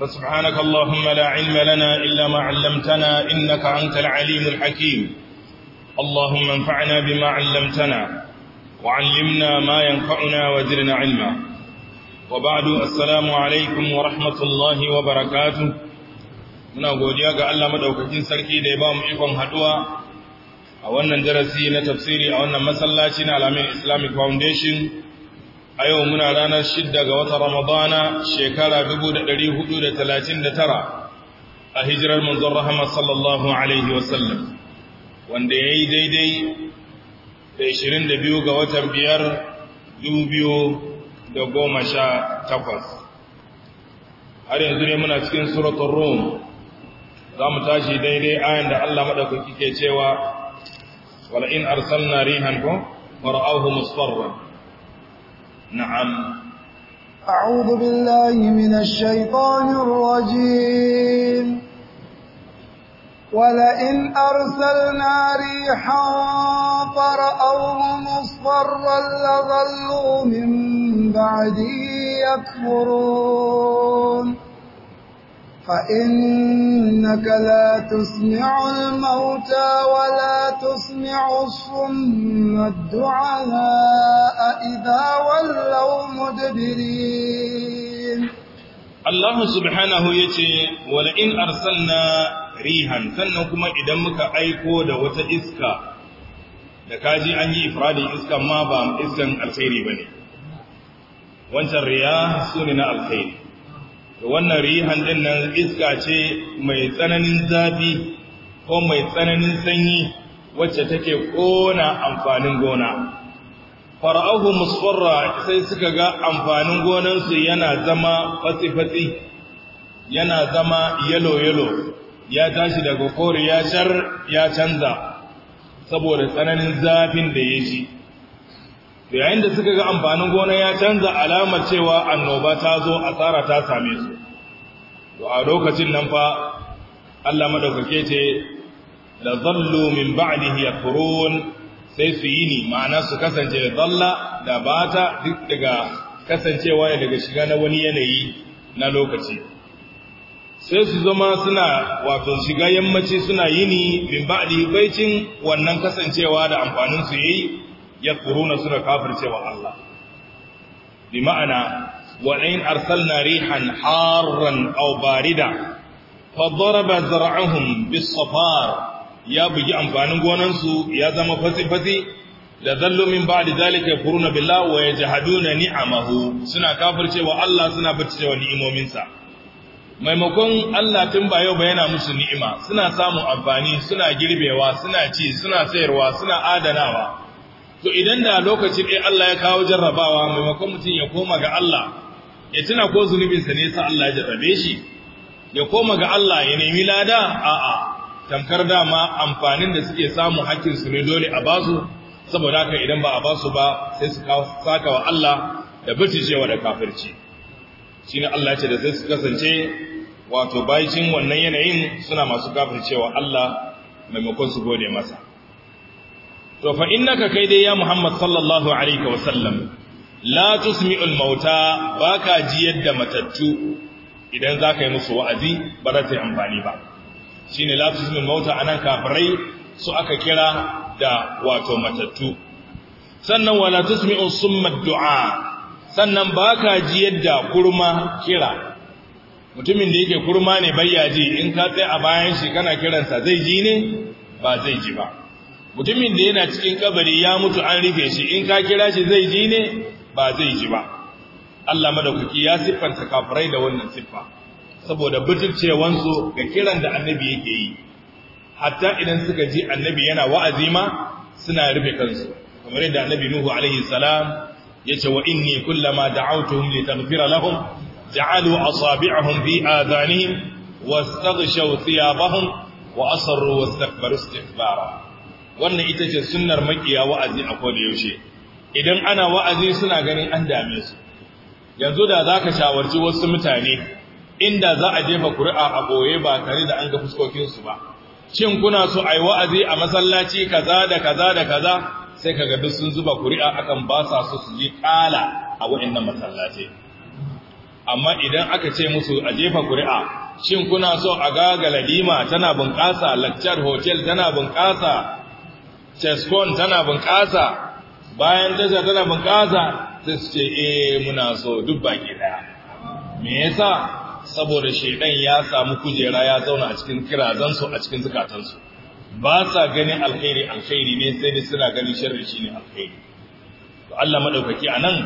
فسبحانك اللهم لا علم لنا إلا ما علمتنا إنك أنت العليم الحكيم اللهم انفعنا بما علمتنا وعلمنا ما ينفعنا وزرنا علما وبعد السلام عليكم ورحمة الله وبركاته muna godiya ga Allah madaukakin sarki da ya ba mu ikon haduwa a wannan darasi na tafsiri a wannan masallaci na Alamin Islamic Foundation a yau muna ranar shidda ga wata ramadana shekara 439 a hijirar manzon rahama sallallahu alaihi wasallam wanda ya yi daidai da 22 ga watan biyar 2018 har yanzu ne muna cikin suratun rum za mu tashi daidai ayan da allah maɗaukaki ke cewa wala'in na rihan ko wara'ahu musfarra نعم أعوذ بالله من الشيطان الرجيم ولئن أرسلنا ريحا فرأوه مصفرا لظلوا من بعده يكفرون فإنك لا تسمع الموتى ولا Mu cusub na duwala a idan warraun waje birin. Allahu subhanaahu ya ce wani in rihan, sannan kuma idan muka aiko da wata iska da kaji an yi iffadi iska ma ba iskan alkhairi bane ne, wancan riyaha suna na Wannan rihan ɗinnan iska ce mai tsananin zafi ko mai tsananin sanyi. wacce take kona amfanin gona fara'ahu musfarra sai suka ga amfanin gonansu yana zama fatsifatsi yana zama yalo-yalo ya tashi daga kori ya shar ya canza saboda tsananin zafin da ya ji yayin da suka ga amfanin gona ya canza alamar cewa annoba ta zo asara ta same su to a lokacin nan fa Allah madaukake ce Da zallu min ba'dihi yakfurun sai su yi ni ma'ana su kasance da zalla da bata duk daga kasancewa daga shiga na wani yanayi na lokaci sai su zama suna wato shiga yammaci suna yini min ba'di baicin wannan kasancewa da amfanin su yayi yakfuruna suna kafircewa Allah bi ma'ana wa in arsalna rihan harran aw barida فضرب ذرعهم بالصفار ya bugi amfanin gonansu ya zama fasi-fasi da zallo min ba'di da zalika ya billahi wa ya na ni'amahu suna kafircewa Allah suna barcewa ni'imominsa maimakon Allah tun ba yau ba yana musu ni'ima suna samun amfani suna girbewa suna ci suna sayarwa suna adanawa to idan da lokaci ɗaya Allah ya kawo jarrabawa maimakon mutum ya koma ga Allah ya tuna ko zunubinsa ne sa Allah ya jarrabe shi ya koma ga Allah ya nemi lada a'a tamkar dama amfanin da suke samu hakkin su ne dole a basu saboda haka idan ba a basu ba sai su saka wa Allah da cewa da kafirci ne Allah ce da sai su kasance wato baicin wannan yanayin suna masu kafircewa Allah maimakon su gode masa to fa innaka kai dai ya Muhammad sallallahu alaihi wa sallam la tusmi'ul mauta baka jiyar da matattu idan zaka yi musu wa'azi ba za ta yi amfani ba shine ne tuzmil mauta a nan kafirai su aka kira da wato matattu sannan wa tusmi'u summa du'a sannan ba ka ji yadda kurma kira mutumin da yake kurma ne bayya ji in ka tsaye a bayan shi kana kiransa zai ji ne ba zai ji ba mutumin da yana cikin kabari ya mutu an rufe shi in ka kira shi zai ji ne ba zai ji ba Allah madaukaki ya siffanta kafirai da wannan siffa saboda bijircewansu ga kiran da annabi yake yi hatta idan suka ji annabi yana wa'azi ma suna rufe kansu kamar yadda annabi nuhu alaihi salam ce, wa inni kullama da'awtuhum litaghfira lahum ja'alu asabi'ahum fi adhanihim wastaghshaw thiyabahum wa asarru wastakbaru istikbara wannan ita ce sunnar makiya wa'azi a koda yaushe idan ana wa'azi suna ganin an dame su yanzu da zaka shawarci wasu mutane inda za a jefa kuri'a a ɓoye ba tare da an ga fuskokinsu ba shin kuna so a yi wa'azi a masallaci kaza da kaza da kaza sai ka duk sun zuba kuri'a akan ba sa so su ji ƙala a wa'annan masallaci amma idan aka ce musu a jefa kuri'a shin kuna so a ga galadima tana bunƙasa lakcar hotel tana bunƙasa cescon tana bunƙasa bayan tasha tana bunƙasa sai su ce eh muna so duk baki daya me yasa saboda shaidan ya samu kujera ya zauna a cikin kirazansu a cikin zukatansu ba sa ganin alkhairi alkhairi ne sai dai suna ganin sharri ne alkhairi to Allah madaukaki anan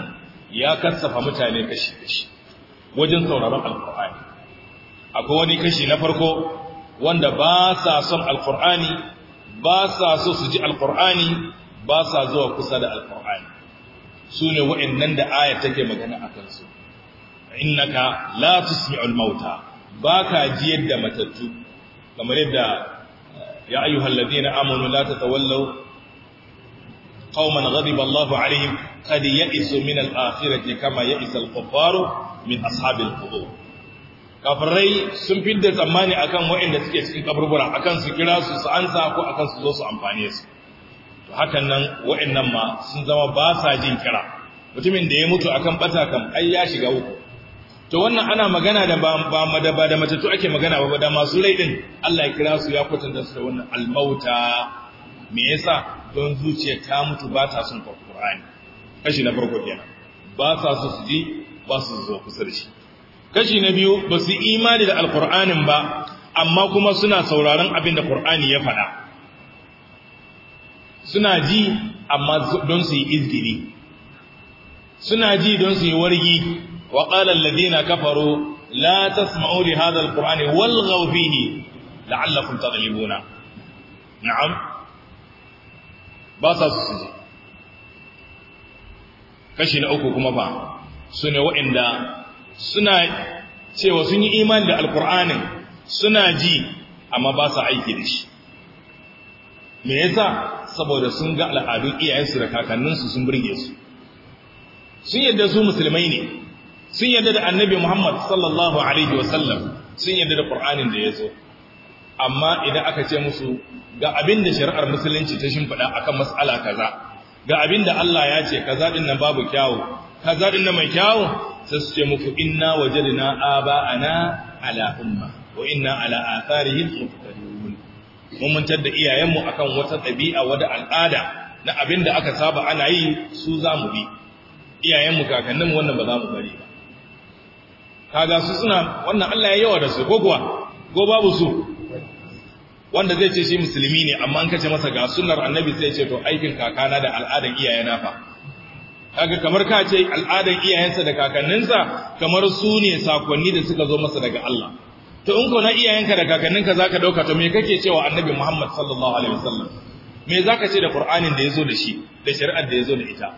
ya kassafa mutane kashi kashi wajen sauraron alqur'ani akwai wani kashi na farko wanda ba sa son alqur'ani ba sa so su ji alqur'ani ba sa zuwa kusa da alqur'ani sune wa'annan da aya take magana akan su innaka la tusmi'ul mauta baka jiyar da matattu kamar yadda ya ayyuhal ladina amanu la tatawallaw qauman ghadiba Allahu alaihim qad ya'isu min al-akhirati kama ya'isa al-kuffaru min ashabil qubur kafirai sun fidda tsammani akan waɗanda suke cikin kaburbura akan su kira su su ansa ko akan su zo su amfane su to hakan nan waɗannan ma sun zama ba sa jin kira mutumin da ya mutu akan bata kam ai ya shiga uku to wannan ana magana da ba da ba da matattu ake magana ba da masu rai Allah ya kira su ya kwatanta su da wannan almauta me yasa don zuciya ta mutu ba ta son Qur'ani kashi na farko kenan ba sa so su ji ba su zo kusa da shi kashi na biyu ba su imani da alqur'anin ba amma kuma suna sauraron abin da Qur'ani ya faɗa suna ji amma don su yi izgili suna ji don su yi wargi وقال الذين كفروا لا تسمعوا لهذا القرآن والغوا فيه لعلكم تغلبون نعم باسا سجي kashi na uku kuma ba su ne waɗanda suna cewa sun yi imani da alkur'anin suna ji amma ba sa aiki da shi me yasa saboda sun ga al'adun iyayensu da kakanninsu sun burge su sun yadda su musulmai ne sun yarda da annabi Muhammad sallallahu alaihi wasallam sun yarda da Qur'anin da ya zo. amma idan aka ce musu ga abin da shari'ar musulunci ta shimfiɗa akan mas'ala kaza ga abin da Allah ya ce kaza din nan babu kyawu ka din nan mai kyawu sai su ce muku inna wajadna aba'ana ala umma wa inna ala atharihim muqtadun mun muntar da iyayenmu akan wata ɗabi'a wada al'ada na abin da aka saba ana yi su za mu bi iyayenmu kakanninmu wannan ba za mu bari ba kaga su suna wannan Allah ya yawa da su ko kuwa ko babu su wanda zai ce shi musulmi ne amma an kace masa ga sunnar annabi sai ce to aikin kakana da al'adan iyayena fa kaga kamar ka ce al'adan iyayensa da kakanninsa kamar su ne sakonni da suka zo masa daga Allah to in ko na iyayenka da kakanninka zaka dauka to me kake cewa annabi Muhammad sallallahu alaihi wasallam me zaka ce da Qur'anin da yazo da shi da shari'ar da yazo da ita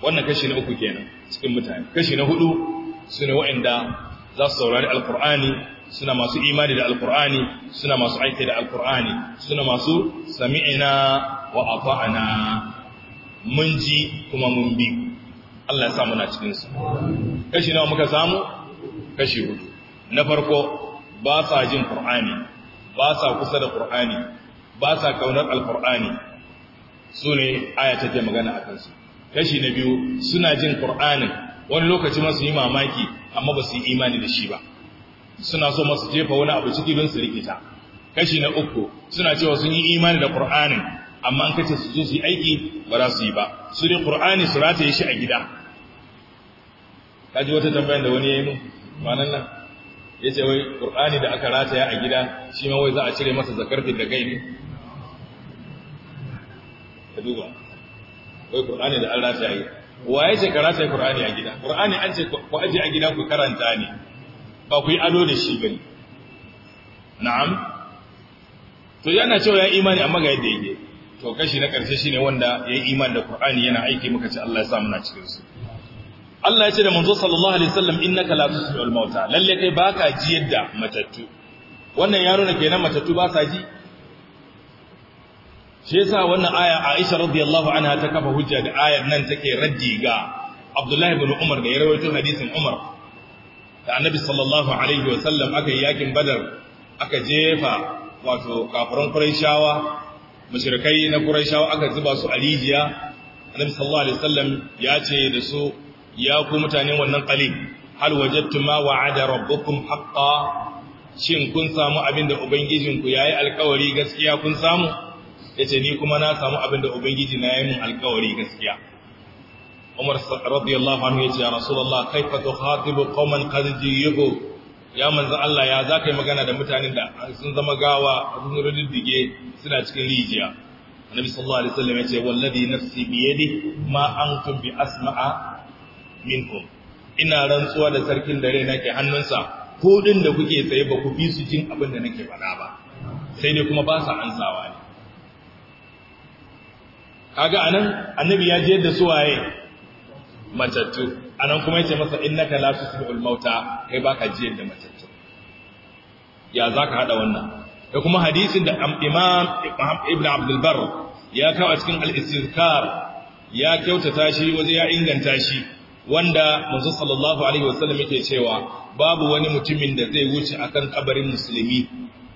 wannan kashi na uku kenan cikin mutane kashi na hudu suna waɗanda wa'inda za su saurari alkur'ani suna masu imani da alkur'ani suna masu aiki da alkur'ani suna masu sami'ina wa afa'ana mun ji kuma mun bi Allah ya sa muna cikinsu. kashi nawa muka samu kashi hudu na farko ba sa jin qur'ani ba sa kusa da qur'ani ba sa kaunar alkur'ani su ne aya take magana a kansu kashi na biyu suna jin qur'anin wani lokaci masu su yi mamaki amma ba su yi imani da shi ba suna so masu jefa wani abu ciki don su rikita kashi na uku suna cewa sun yi imani da qur'anin amma an kace su zo su yi aiki ba za su yi ba su ne qur'ani su rataye shi a gida kaji wata tambayar da wani ya yi mu kwanan nan ya ce wai qur'ani da aka rataya a gida shi ma wai za a cire masa zakar da gaibi ka duba wai qur'ani da an rataya Wa ya ce karata ya ƙura'ani a gida ƙura'ani an ce ku aji a gida ku karanta ne ba ku yi ado da shi gani na'am to yana cewa ya imani amma ga yadda yake to kashi na shi shine wanda ya imani da ƙura'ani yana aiki muka ce Allah ya sa muna cikin su Allah ya ce da manzo sallallahu alaihi wasallam innaka la tusmi'ul mauta lalle kai baka ji yadda matattu wannan yaro ne kenan matattu ba sa ji shi yasa wannan aya Aisha radiyallahu anha ta kafa hujja da ayar nan take raddi ga Abdullahi ibn Umar da ya rawaito hadisin Umar da Annabi sallallahu alaihi wa sallam aka yi yakin Badar aka jefa wato kafiran Quraishawa mushrikai na Quraishawa aka zuba su a rijiya Annabi sallallahu alaihi wa sallam ya ce da su ya ku mutanen wannan qalib hal wajadtum ma wa'ada rabbukum haqqan shin kun samu abin da ubangijinku yayi alkawari gaskiya kun samu Ya ce ni kuma na samu abin da ubangiji na yi min alƙawari gaskiya Umar radiyallahu anhu yace ya Rasulullah kaifa tukhatibu qauman qad jiyu ya manzo Allah ya zaka yi magana da mutanen da sun zama gawa sun ruddige suna cikin rijiya Annabi sallallahu alaihi wasallam yace wallazi nafsi bi yadi ma antum bi asma'a minkum ina rantsuwa da sarkin dare nake hannunsa ko din da kuke tsaye ba ku bi su jin abin da nake faɗa ba sai dai kuma ba sa ansawa kaga anan annabi ya je da su waye matattu anan kuma yace masa innaka la tusbihul mauta kai baka jiyar da matattu ya zaka hada wannan da kuma hadisin da imam ibn abdul bar ya kawo cikin al ya kyautata shi waje ya inganta shi wanda manzo sallallahu alaihi wasallam yake cewa babu wani mutumin da zai wuce akan kabarin musulmi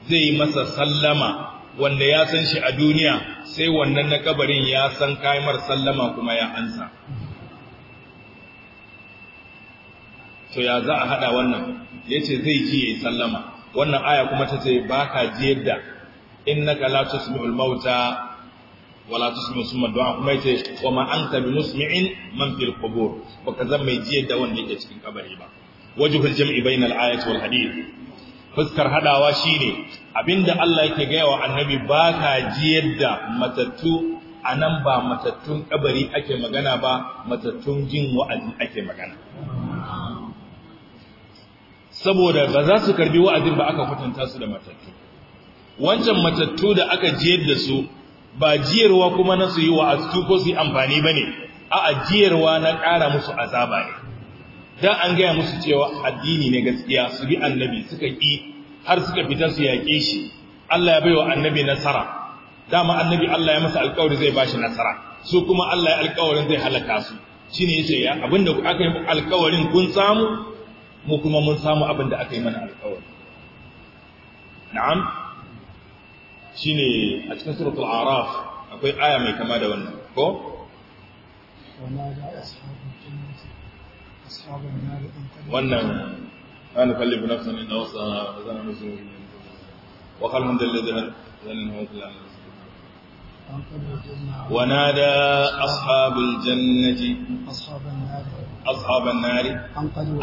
zai yi masa sallama wanda ya san shi a duniya sai wannan na kabarin ya san kaimar sallama kuma ya ansa to ya za a hada wannan yace zai ji yi sallama wannan aya kuma ta ba baka ji yadda innaka la tusmi'ul mauta latus mai summa du'a kuma ce wa ma anta bi musmi'in man fil qubur baka zan mai ji yadda wanda yake cikin kabari ba wajhul jam'i bainal ayati wal hadith fuskar hadawa shine abinda Allah yake gaya wa annabi ba ka ji yadda matattu a nan ba matattun kabari ake magana ba matattun jin wa'azi ake magana saboda ba za su karbi wa'azin ba aka kwatanta su da matattu wancan matattu da aka jiyar da su ba jiyarwa kuma na su yi wa'aztu ko su yi amfani ba ne a ajiyarwa na ƙara musu azaba ne da an gaya musu cewa addini ne gaskiya su bi annabi suka ƙi har suka fita su yaƙe shi Allah ya baiwa annabi nasara dama annabi Allah ya masa alƙawari zai bashi nasara su kuma Allah ya alƙawarin zai halaka su shine yace ya abinda aka yi alƙawarin kun samu mu kuma mun samu abinda aka yi mana alƙawari na'am shine a cikin suratul a'raf akwai aya mai kama da wannan ko wannan لا نكلف نفسا إلا وسعها وزن نزول وقال الحمد لله ونادى أصحاب الجنة أصحاب النار أصحاب النار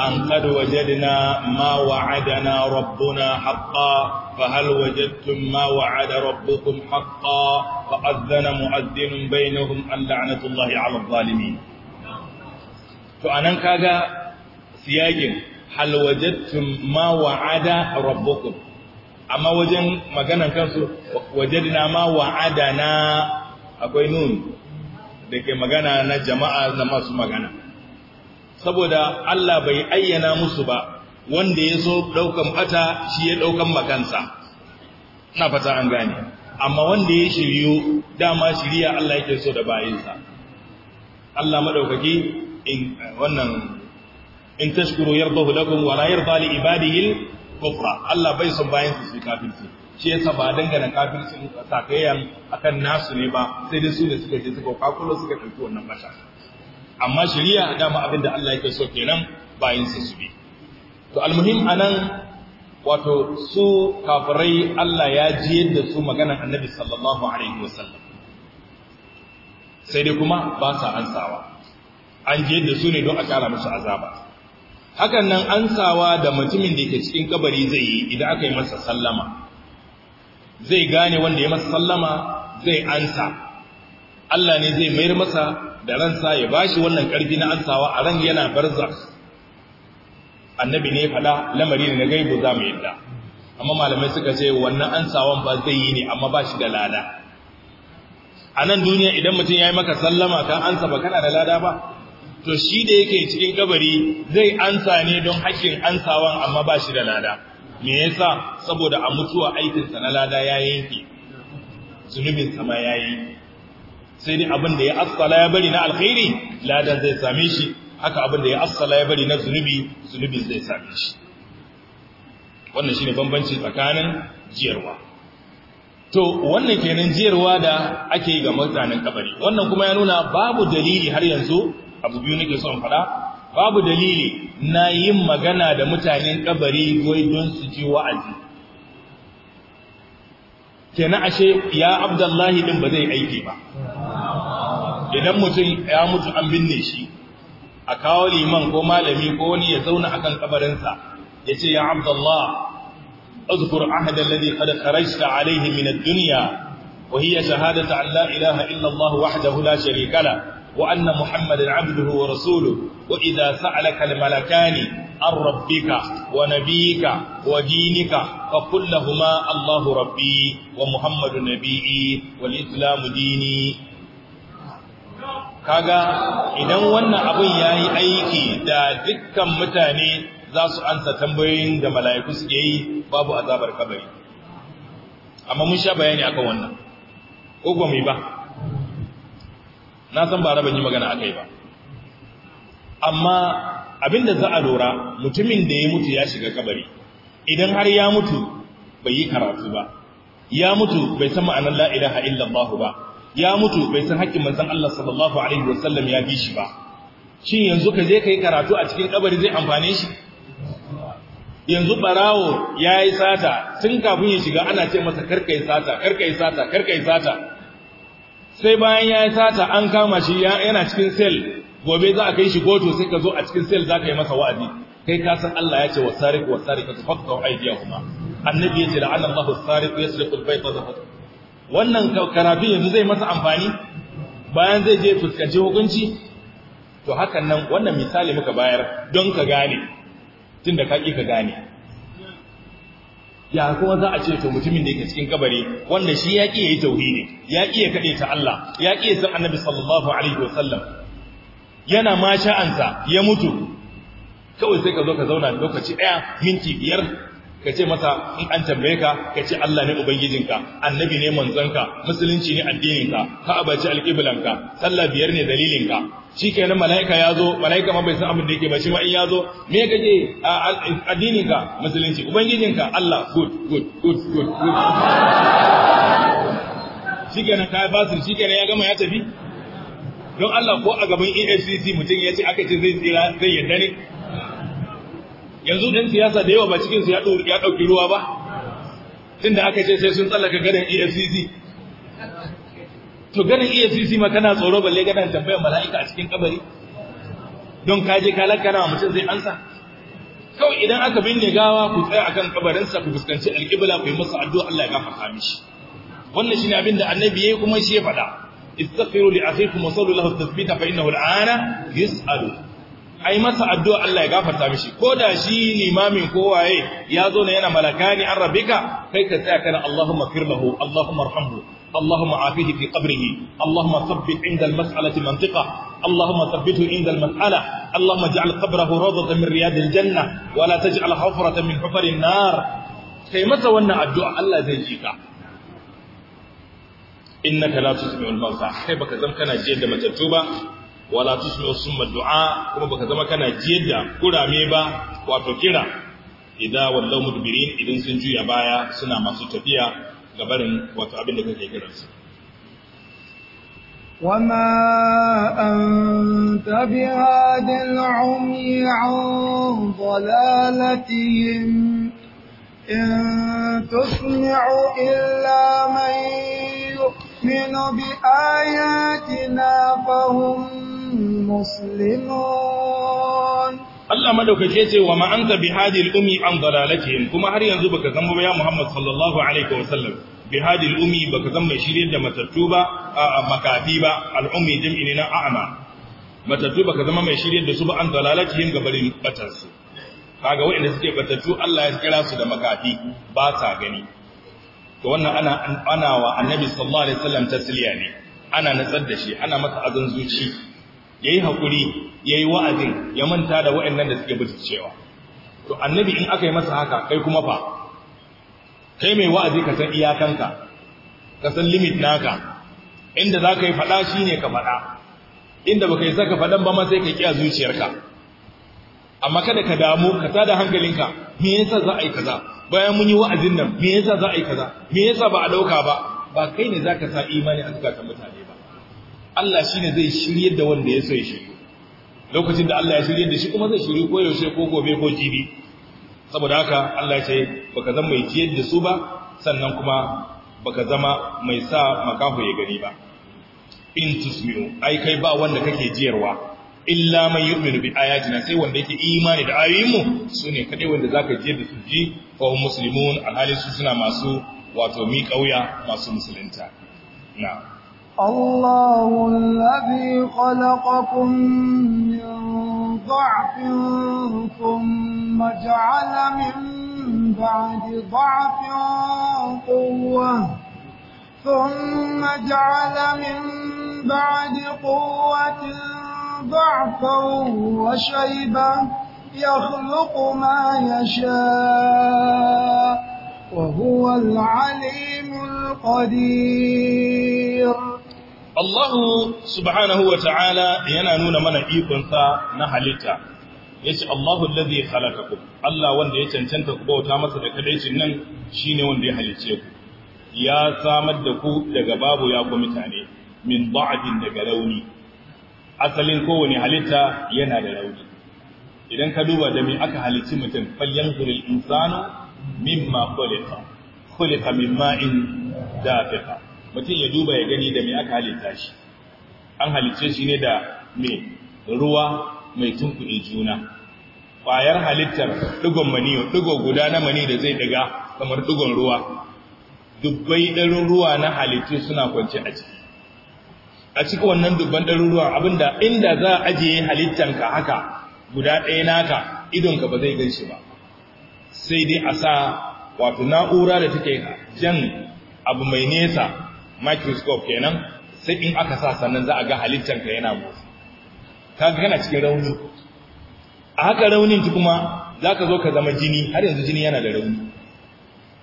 أن قد وجدنا ما وعدنا ربنا حقا فهل وجدتم ما وعد ربكم حقا فأذن مؤذن بينهم أن لعنة الله على الظالمين فأنا كاغا سياجم hal wajadtum ma wa'ada rabbukum amma wajen maganan kansu wajadna ma wa'adana akwai nun da ke magana na jama'a na masu magana saboda Allah bai ayyana musu ba wanda ya so daukan bata shi ya daukan makansa na fata an gane amma wanda ya shiryu dama shirya Allah yake so da bayinsa Allah madaukaki in wannan in tashkuru yardahu lakum wa la yarda li ibadihi kufra Allah bai san bayan su su kafirci shi yasa ba dangana kafircin sakayyan akan nasu ne ba sai dai su ne suka je suka kakulo suka dauki wannan basha amma shari'a dama abinda Allah yake so kenan bayan su su bi to almuhim anan wato su kafirai Allah ya ji yadda su maganar annabi sallallahu alaihi wasallam sai dai kuma ba sa ansawa an ji yadda su ne don a kara musu azaba hakan nan ansawa da mutumin da yake cikin kabari zai yi idan aka yi masa sallama zai gane wanda ya masa sallama zai ansa Allah ne zai mayar masa da ransa ya bashi wannan karfi na ansawa a ran yana barza. annabi ne faɗa lamari ne na gaibu za mu yadda amma malamai suka ce wannan ansawan ba zai yi ne amma ba shi da lada a nan duniya idan mutum ya yi maka sallama ka ansa ba kana da lada ba to shi da yake cikin kabari zai ansa ne don haƙƙin ansawan amma ba shi da lada me yasa saboda a mutuwa aikinsa na lada ya yanke zunubinsa ma ya yi sai dai abin da ya assala ya bari na alkhairi ladan zai same shi haka abin da ya assala ya bari na zunubi zunubin zai same shi wannan shine bambanci tsakanin jiyarwa to wannan kenan jiyarwa da ake yi ga mutanen kabari wannan kuma ya nuna babu dalili har yanzu abu biyu nake son faɗa babu dalili na yin magana da mutanen kabari wai don su ji wa'azi kenan ashe ya abdullahi din ba zai aiki ba idan mutum ya mutu an binne shi a kawo liman ko malami ko wani ya zauna akan kabarinsa ya ce ya abdullah اذكر عهد الذي قد خرجت عليه من الدنيا وهي شهادة أن لا إله إلا الله وحده لا شريك له وأن محمد عبده ورسوله وإذا سألك الملكان عن ربك ونبيك ودينك فقل لهما الله ربي ومحمد نبيي والإسلام ديني ga idan wannan abin yayi aiki da dukkan mutane za su ansa tambayoyin da mala'iku suke yi babu azabar kabari amma mun sha bayani akan wannan ko ba mu ba na san ba ban yi magana akai ba amma abinda za a lura mutumin da ya mutu ya shiga kabari idan har ya mutu bai yi karatu ba ya mutu bai san ma'anar la ilaha illallah ba ya mutu bai san haƙƙin manzon Allah sallallahu alaihi wasallam ya bi shi ba shin yanzu ka je kai karatu a cikin kabari zai amfane shi yanzu barawo ya yi sata tun kafin ya shiga ana ce masa karkai sata karkai sata karkai sata sai bayan ya yi sata an kama shi yana cikin sel gobe za a kai shi goto sai ka zo a cikin sel za ka yi masa wa'azi kai ka san Allah ya ce wa sariq wa wa faqtu kuma annabi ya ce la'anna Allahu sariq yasriqu al-bayta wannan karatu yanzu zai masa amfani bayan zai je fuskanci hukunci to hakan nan wannan misali muka bayar don ka gane tunda ka ki ka gane ya kuma za a ce to mutumin da yake cikin kabari wanda shi ya ƙi yi tauhidi ya ƙi ya kade ta Allah ya ƙi ya san annabi sallallahu alaihi wasallam yana ma sha'ansa ya mutu kawai sai ka zo ka zauna lokaci ɗaya minti biyar ka ce masa in an tambaye ka ka ce Allah ne ubangijinka annabi ne manzonka musulunci ne addininka ka abaci alqiblanka sallah biyar ne dalilinka shikenan malaika yazo malaika ma bai san abin da yake ba shi ma in yazo me kake addininka musulunci ubangijinka Allah good good good good good shikenan kai basir shikenan ya gama ya tafi don Allah ko a gaban EFCC mutum ya ce aka ce zai tsira zai yarda ne yanzu dan siyasa da yawa ba cikin ya dauki ruwa ba tunda aka ce sai sun tsallaka gadan EFCC to gadan EFCC ma kana tsoro balle gadan tambayar mala'ika a cikin kabari don kaje ka lakana mutum zai ansa kawai idan aka binne gawa ku tsaya akan kabarinsa ku fuskanci alƙibla ku yi masa addu'a Allah ya gafarta mishi wannan shine abin da annabi yayi kuma shi ya faɗa istaghfiru li akhikum wa sallu lahu tathbita fa innahu al'ana yus'alu ai masa addu'a Allah ya gafarta mishi ko da shi limamin kowaye ya zo na yana malakani an rabika? kai ka tsaya kana Allahumma fir lahu Allahumma arhamhu Allahumma afihi fi qabrihi Allahumma thabbit inda al-mas'alati mantiqa Allahumma thabbithu inda al-mas'ala Allahumma ij'al qabrahu rawdatan min riyad al-janna wa la taj'al hufratan min hufar nar kai masa wannan addu'a Allah zai ji ka innaka la tusmi'ul mawta kai baka zan kana jiyar da matattu ba wala tusmi'u summa du'a kuma baka zama kana jiyar da kurame ba wato kira idza wallaw mudbirin idan sun juya baya suna masu tafiya ga barin wato abin da kake kiransu وما أنت بهاد العمي عن ضلالتهم إن تسمع إلا من يؤمن بآياتنا فهم muslimun Allah madaukake ce wa ma anta al ummi an dalalatihim kuma har yanzu baka zamba ya Muhammad sallallahu alaihi wa sallam al ummi baka zamba mai shirye da matattu ba a makafi ba al ummi jam'i na a'ma matattu baka zama mai shirye da su ba an dalalatihim gabarin batar su kaga wanda suke batattu Allah ya kira su da makafi ba sa gani to wannan ana ana wa annabi sallallahu alaihi wasallam tasliya ne ana natsar da shi ana masa azan zuci ya yayi hakuri yayi wa'azin ya manta da waɗannan da suke cewa. to annabi in aka yi masa haka kai kuma fa kai mai wa'azi ka san iyakanka ka san limit naka inda za ka yi faɗa shi ne ka faɗa inda ba ka yi saka faɗan ba ma sai ka ƙiya zuciyarka amma kada ka damu ka da hankalinka me yasa za a yi kaza bayan mun yi wa'azin nan me yasa za a yi kaza me yasa ba a ɗauka ba ba kai ne za ka sa imani a zukatan mutane Allah shi ne zai shirye da wanda ya so ya shiryu lokacin da Allah ya shirye da shi kuma zai shirye ko yaushe ko gobe ko jibi saboda haka Allah ya ce baka zama mai jiyar da su ba sannan kuma baka zama mai sa makaho ya gani ba in tusmi'u ai kai ba wanda kake jiyarwa illa man yu'minu bi ayatina sai wanda yake imani da ayoyin mu sune kadai wanda zaka je da su ji fa muslimun suna masu wato mi kauya masu musulunta na'am الله الذي خلقكم من ضعف ثم جعل من بعد ضعف قوة ثم جعل من بعد قوة ضعفا وشيبا يخلق ما يشاء وهو العليم القدير الله سبحانه وتعالى yana nuna mana ikon sa na halitta Ya ce Allahu allazi ku. Allah wanda ya cancanta ku bauta masa da kadaicin nan shine wanda ya halice ku ya samar da ku daga babu ya ku mutane min ba'din daga rauni asalin kowane halitta yana da rauni idan ka duba da me aka halici mutum falyanzuril insanu mimma khuliqa khuliqa min ma'in dafiqa mutum ya duba ya gani da me aka halitta shi an halicce shi ne da me ruwa mai tunkuɗe juna ƙwayar halittar ɗigon maniyo ɗigo guda na mani da zai ɗiga kamar ɗigon ruwa dubbai ɗarin ruwa na halittu suna kwance a ciki a cikin wannan dubban ɗarin ruwa abinda inda za a ajiye halittanka haka guda ɗaya naka idonka ba zai gan shi ba sai dai a sa wato na'ura da take jan abu mai nesa microscope kenan sai in aka sa sannan za a ga halittar ka yana motsi kaga kana cikin rauni a haka raunin ki kuma za ka zo ka zama jini har yanzu jini yana da rauni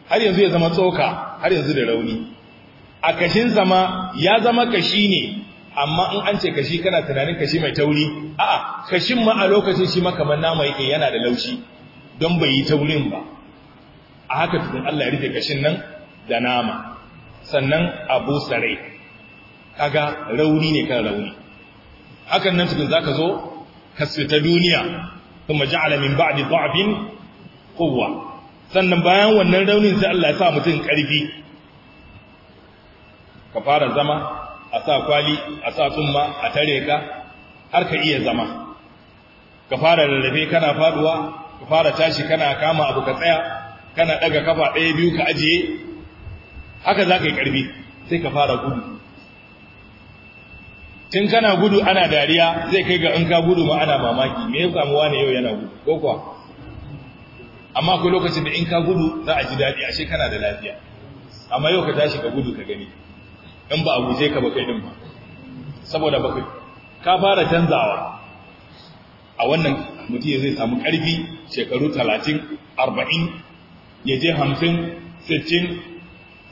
har yanzu ya zama tsoka har yanzu da rauni a kashin sama ya zama kashi ne amma in an ce kashi kana tunanin kashi mai tauri a'a kashin ma a lokacin shi ma kamar nama yake yana da laushi don bai yi taurin ba a haka tukun Allah ya rufe kashin nan da nama sannan abu sarai kaga rauni ne kan rauni hakan nan tukun zaka zo ka ta duniya kuma ja'ala min ba'di dha'fin quwwa sannan bayan wannan raunin sai Allah ya sa mutum karfi ka fara zama a sa kwali a sa tsumma a tare ka har ka iya zama ka fara rarrafe kana faduwa ka fara tashi kana kama abu ka tsaya kana daga kafa ɗaya biyu ka ajiye haka za ka yi ƙarfi sai ka fara gudu tun kana gudu ana dariya zai kai ga in ka gudu ma ana mamaki me ya samu wani yau yana gudu ko kuwa amma akwai lokacin da in ka gudu za a ji daɗi ashe kana da lafiya amma yau ka tashi ka gudu ka gani in ba a guje ka ba kai din ba saboda ba ka fara canzawa a wannan mutum zai samu ƙarfi shekaru talatin arba'in ya je hamsin sittin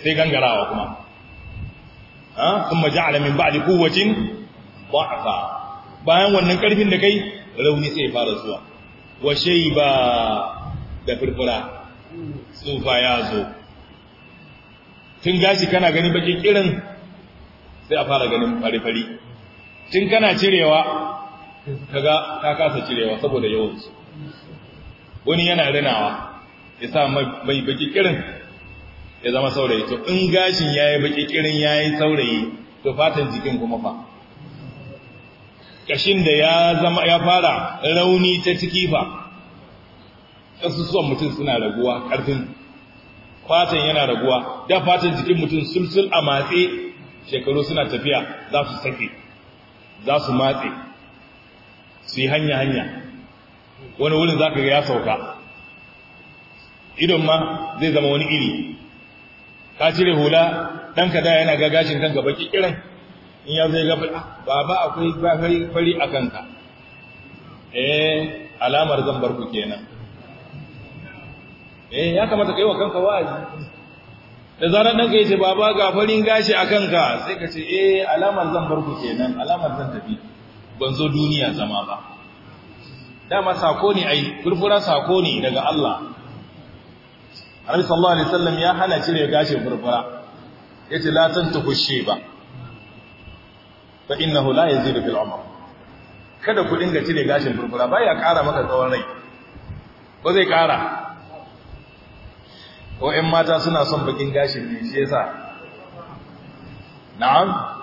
sai gangarawa kuma sun maji alamin ba da kowacin ba'afa bayan wannan ƙarfin da kai rauni sai fara zuwa washe ba da firfura tsufa ya zo tun gashi kana gani bakin kirin sai a fara ganin fari-fari tun kana cirewa kaga ta kasa cirewa saboda yawansu wani yana rinawa ya sa mai baki kirin ya zama saurayi to in gashin ya yi baki kirin ya yi saurayi to fatan jikin kuma fa kashin da ya zama ya fara rauni ta ciki fa ƙasusuwan mutum suna raguwa ƙarfin fatan yana raguwa da fatan jikin mutum sulsul a matse shekaru suna tafiya za su sake za su matse su yi hanya-hanya wani wurin za ka ga ya sauka idon ma zai zama wani iri ka cire hula ɗanka da yana gagashin kanka baki kiran in ya zai gafi ah, baba akwai fari a kanka eh alamar zan bar ku kenan eh ya kamata kai wa kanka wa'azi da zarar ɗanka ya ce baba ga farin gashi a kanka sai ka ce eh alamar zan bar ku kenan alamar zan tafi ban zo duniya zama ba dama sako ne ai furfura sako ne daga Allah Annabi sallallahu alaihi wasallam ya hana cire gashin furfura yace la tantuhu Ba fa innahu la yazidu fil umr kada ku dinga cire gashin furfura baya ƙara maka tsawon rai Ko zai ƙara ko ƴan mata suna son bakin gashin ne shi yasa na'am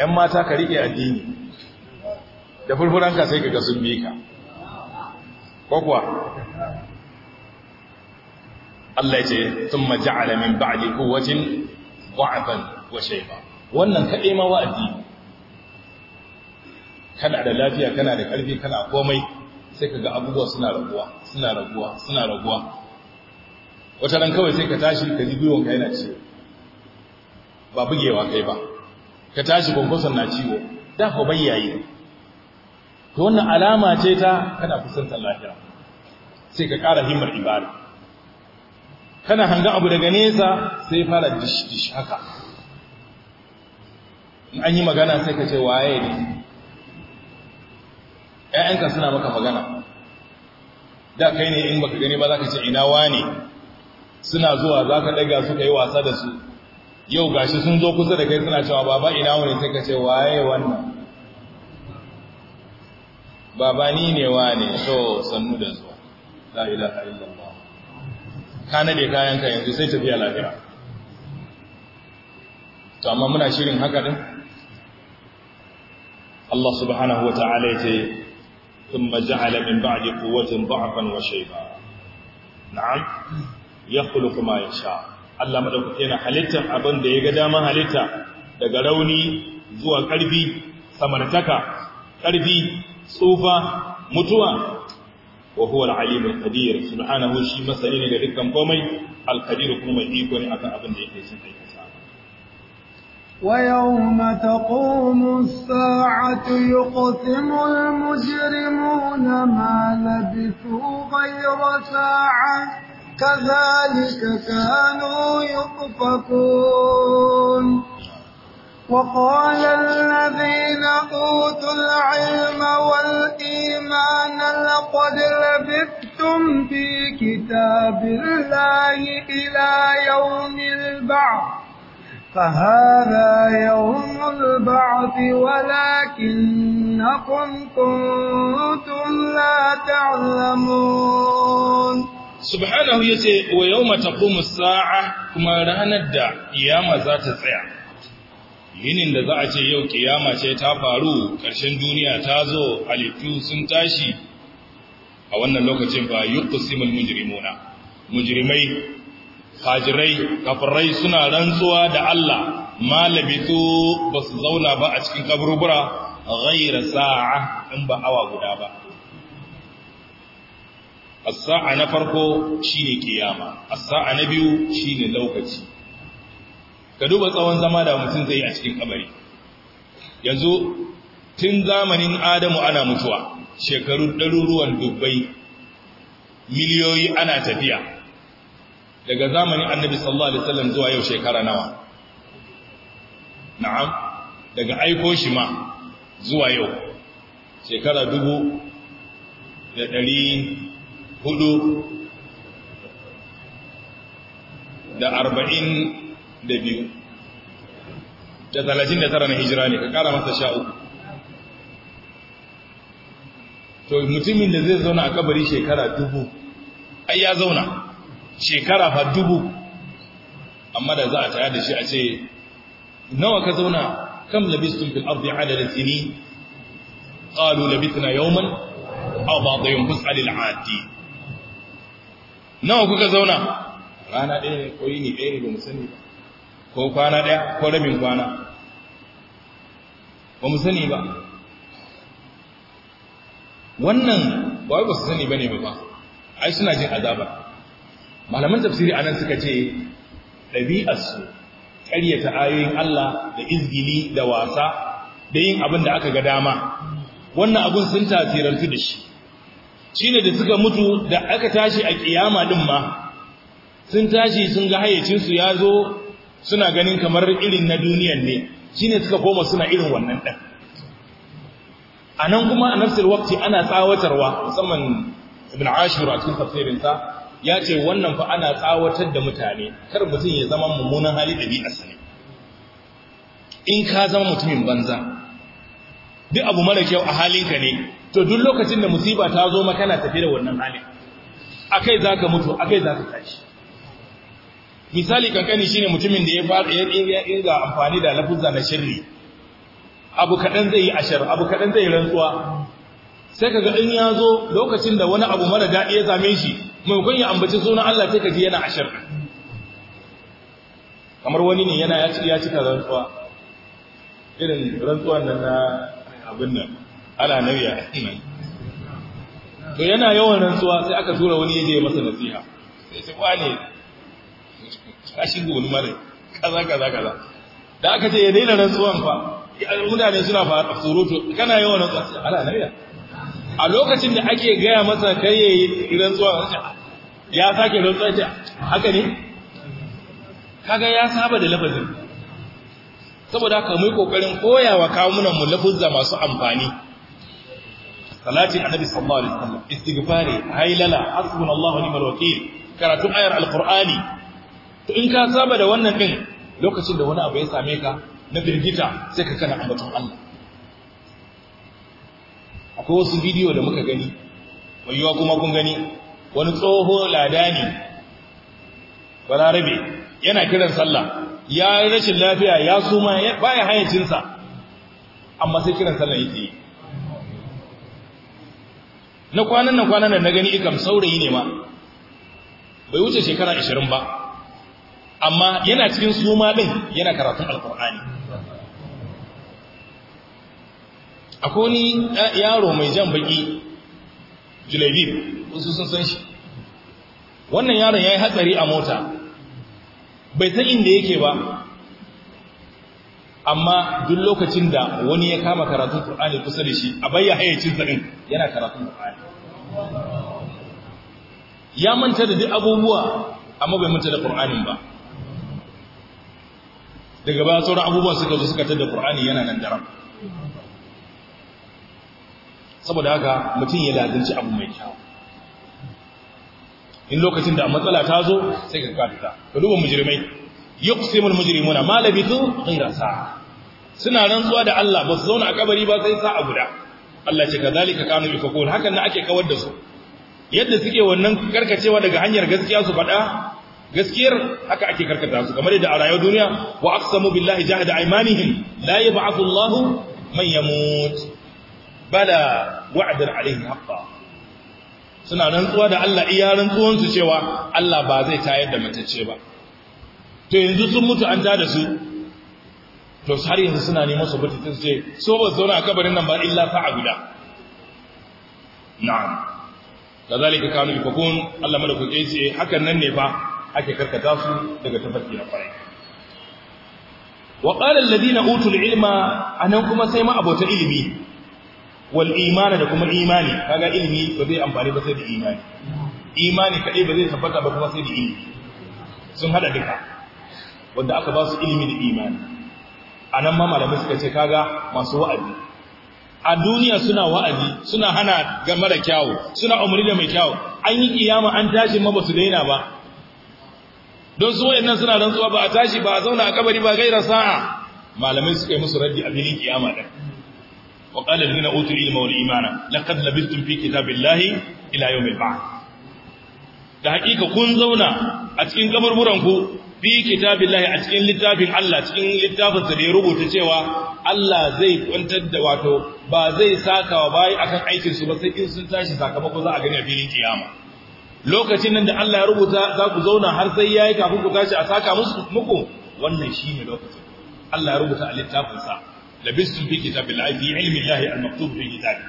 ‘yan mata ka riƙe addini da furfuranka sai ka sun bi ka ko kuwa Allah ce sun alamin min ko wajen wa'afan wa ba, wannan kaɗai ma wa'adi kana da lafiya kana da ƙarfi kana komai sai ka ga abubuwa suna raguwa suna raguwa suna raguwa wata ran kawai sai ka tashi ka ji gwiwon ka yana ce, ba bugewa kai ba ka tashi kwankwason na ciwo da ku bayyaye Ta wannan alama ce ta kana kusantar lahira sai ka ƙara himmar ibada kana hanga abu daga nesa sai fara dish dish haka in an yi magana sai ka ce waye ne ‘ya'yanka suna maka magana da kai ne in baka gani ba za ka ce ina wa ne? suna zuwa za ka ɗaga suka yi wasa da su yau gashi sun zo kusa da kai suna cewa baba ina wani sai ka waye wannan baba ni ne wane so sannu da zuwa la ilaha illallah ka nade kayan ka yanzu sai tafiya lafiya to amma muna shirin haka din Allah subhanahu wa ta'ala yace ثم جعل من بعد قوة ضعفا وشيبا نعم يخلق ما يشاء Allah madaukake na halittar abin da ya ga dama halitta daga rauni zuwa karfi samartaka karfi tsufa mutuwa wa huwa al-alim qadir subhanahu shi masani ne ga dukkan komai al-qadir kuma mai iko ne akan abin da yake son aikata ويوم تقوم الساعة يقسم المجرمون ما لبثوا غير ساعة كذلك كانوا يؤفكون وقال الذين أوتوا العلم والإيمان لقد لبثتم في كتاب الله إلى يوم البعث فهذا يوم البعث ولكنكم كنتم لا تعلمون subhanahu yace wa yawma taqumu sa'a kuma ranar da kiyama za ta tsaya yinin da za a ce yau kiyama ce ta faru karshen duniya ta zo halittu sun tashi a wannan lokacin ba yuqsimul mujrimuna mujrimai fajirai kafirai suna rantsuwa da Allah malabitu basu zauna ba a cikin kaburbura ghayra sa'a in ba awa guda ba as-sa'a na farko shine kiyama as-sa'a na biyu shine lokaci ka duba tsawon zama da mutum zai yi a cikin kabari yanzu tun zamanin adamu ana mutuwa shekaru daruruwan dubbai miliyoyi ana tafiya daga zamanin annabi sallallahu alaihi wasallam zuwa yau shekara nawa na'am daga aiko shi ma zuwa yau shekara dubu da ɗari hudu da arba'in da biyu da talatin da tara na hijira ne ka kara masa sha uku to mutumin da zai zauna a kabari shekara dubu ai ya zauna shekara fa dubu amma da za a taya da shi a ce nawa ka zauna kam labistum fil ardi adada sini qalu labithna yawman aw ba'd yawm fas'al al 'adi nawa kuka zauna rana ɗaya ne ko ne ɗaya ne ba mu sani ba ko kwana ɗaya ko rabin kwana ba mu sani ba wannan ba wai ba su sani ba ne ba ba ai suna jin azaba malaman tafsiri anan suka ce ɗabi'arsu ƙaryata ayoyin Allah da izgili da wasa da yin abin da aka ga dama wannan abin sun tasirantu da shi Shi ne da suka mutu da aka tashi a ƙiyama ɗin ma sun tashi sun ga hayyacinsu ya zo suna ganin kamar irin na duniyan ne Shi ne suka koma suna irin wannan ɗan a nan kuma a nafsar wakti ana tsawatarwa musamman ibn ashir cikin tafsirinsa ya ce wannan fa ana tsawatar da mutane kar mutum ya zama mummunan hali ɗabi'arsa ne in ka zama mutumin banza duk abu mara kyau a halinka ne to duk lokacin da musiba ta zo maka kana tafi da wannan halin akai zaka mutu akai zaka tashi misali kankani shine mutumin da ya fara ya inga amfani da lafuzza na shirri abu kadan zai yi ashar abu kadan zai rantsuwa sai kaga in ya zo lokacin da wani abu mara dadi ya same shi kun ya ambaci sunan Allah sai kaji yana ashar kamar wani ne yana ya cika rantsuwa irin rantsuwan nan na abin nan ana nauya to yana yawan rantsuwa sai aka tura wani yaje masa nasiha sai ce wane kashi goni mare kaza kaza kaza da aka ce ya daina rantsuwan fa mutane suna fa surutu kana yawan rantsuwa sai ana nauya a lokacin da ake gaya masa kai ya yi rantsuwa ya sake rantsuwa haka ne kaga ya saba da lafazin saboda haka mu yi kokarin koyawa kawunan mu lafuzza masu amfani salatin annabi sallallahu alaihi wasallam istighfari haylala hasbunallahu wa ni'mal wakeel karatu ayar alqur'ani to in ka saba da wannan din lokacin da wani abu ya same ka na birgita sai ka kana ambaton Allah akwai wasu bidiyo da muka gani wayewa kuma kun gani wani tsoho ladani balarabe yana kiran sallah ya rashin lafiya ya suma baya hayyacinsa amma sai kiran sallar yake yi na kwanan nan kwanan nan na gani ikam saurayi ne ma bai wuce shekara ashirin ba amma yana cikin suma ɗin yana karatun alkur'ani akwai wani yaro mai jan baki julebib wasu sun san shi wannan yaron ya yi hatsari a mota bai san inda yake ba amma duk lokacin da wani ya kama karatun Qur'ani kusa da shi a bayya hayyacin sa din yana karatun Qur'ani ya manta da duk abubuwa amma bai manta da Qur'anin ba daga baya sauran abubuwa suka zo suka tada Qur'ani yana nan daram saboda haka mutum ya lazanci abu mai kyau in lokacin da matsala ta zo sai ka katuta ka duba mujrimai yuqsimul mujrimuna ma labithu ghayra sa'a suna rantsuwa da Allah ba su zauna a kabari ba sai sa'a guda Allah ce kazalika kanu yufakun hakan ne ake kawar da su yadda suke wannan karkacewa daga hanyar gaskiya su faɗa gaskiyar haka ake karkata su kamar yadda a rayuwar duniya wa aqsamu billahi jahada aymanihim la yab'athu Allahu man yamut bala wa'dan alayhi haqqan suna rantsuwa da Allah iya rantsuwansu cewa Allah ba zai tayar da matacce ba to yanzu sun mutu an da su to har yanzu suna neman su bata su ce so ba zauna a kabarin nan ba illa sa'a guda na'am kazalika kanu yufakun Allah madaukake ce hakan nan ne fa ake karkata su daga tafarki na farai wa qala alladhina utul ilma anan kuma sai ma abota ilimi Wal'imana da kuma imani kaga ilimi ba zai amfani ba sai da imani imani kadai ba zai tabbata ba kuma sai da ilimi sun hada duka wanda aka ba su ilimi da imani anan ma malamai suka ce kaga masu wa'azi a duniya suna wa'azi suna hana ga mara kyawu suna umri da mai kyawu an yi kiyama an tashi ma ba su daina ba don su wayannan suna rantsuwa ba a tashi ba a zauna a kabari ba gaira sa'a malamai suka yi musu raddi a filin kiyama din wa qala allazina utul ilma wal imana laqad labistum fi kitabillahi ila yawmil da hakika kun zauna a cikin kaburburan ku fi kitabillahi a cikin littafin Allah cikin littafin sa da ya rubuta cewa Allah zai kwantar da wato ba zai saka wa bai akan aikin su ba sai in sun tashi sakamako za a gani a filin kiyama lokacin nan da Allah ya rubuta za ku zauna har sai yayi kafin ku tashi a saka musu muku wannan shine lokacin Allah ya rubuta a littafinsa labistu fi kitabillahi fi ilmi llahi al-maktub fi kitabi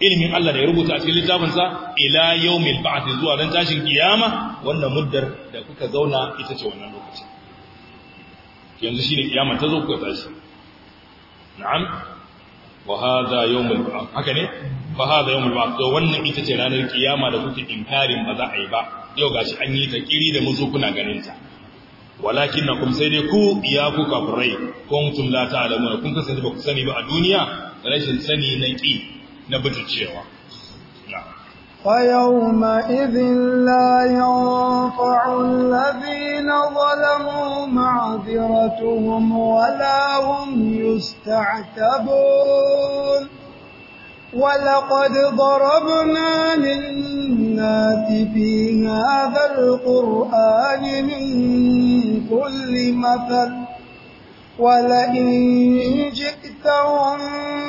ilmin Allah da ya rubuta a cikin littafinsa ila yawmil ba'th zuwa ran tashin kiyama wannan muddar da kuka zauna ita ce wannan lokaci yanzu shine kiyama ta zo kuka tashi na'am wa hadha yawmul ba'th haka ne fa hadha yawmul ba'th to wannan ita ce ranar kiyama da kuke inkarin ba za a yi ba yau gashi an yi ta kiri da musu kuna ganin ta walakinnakum sai dai ku ya ku kafirai lata la ta'lamuna kun kasance ba ku sani ba a duniya rashin sani na ki na bijicewa فيومئذ لا ينفع الذين ظلموا معذرتهم ولا هم يستعتبون ولقد ضربنا للناس في هذا القرآن من كل مثل ولئن جئتهم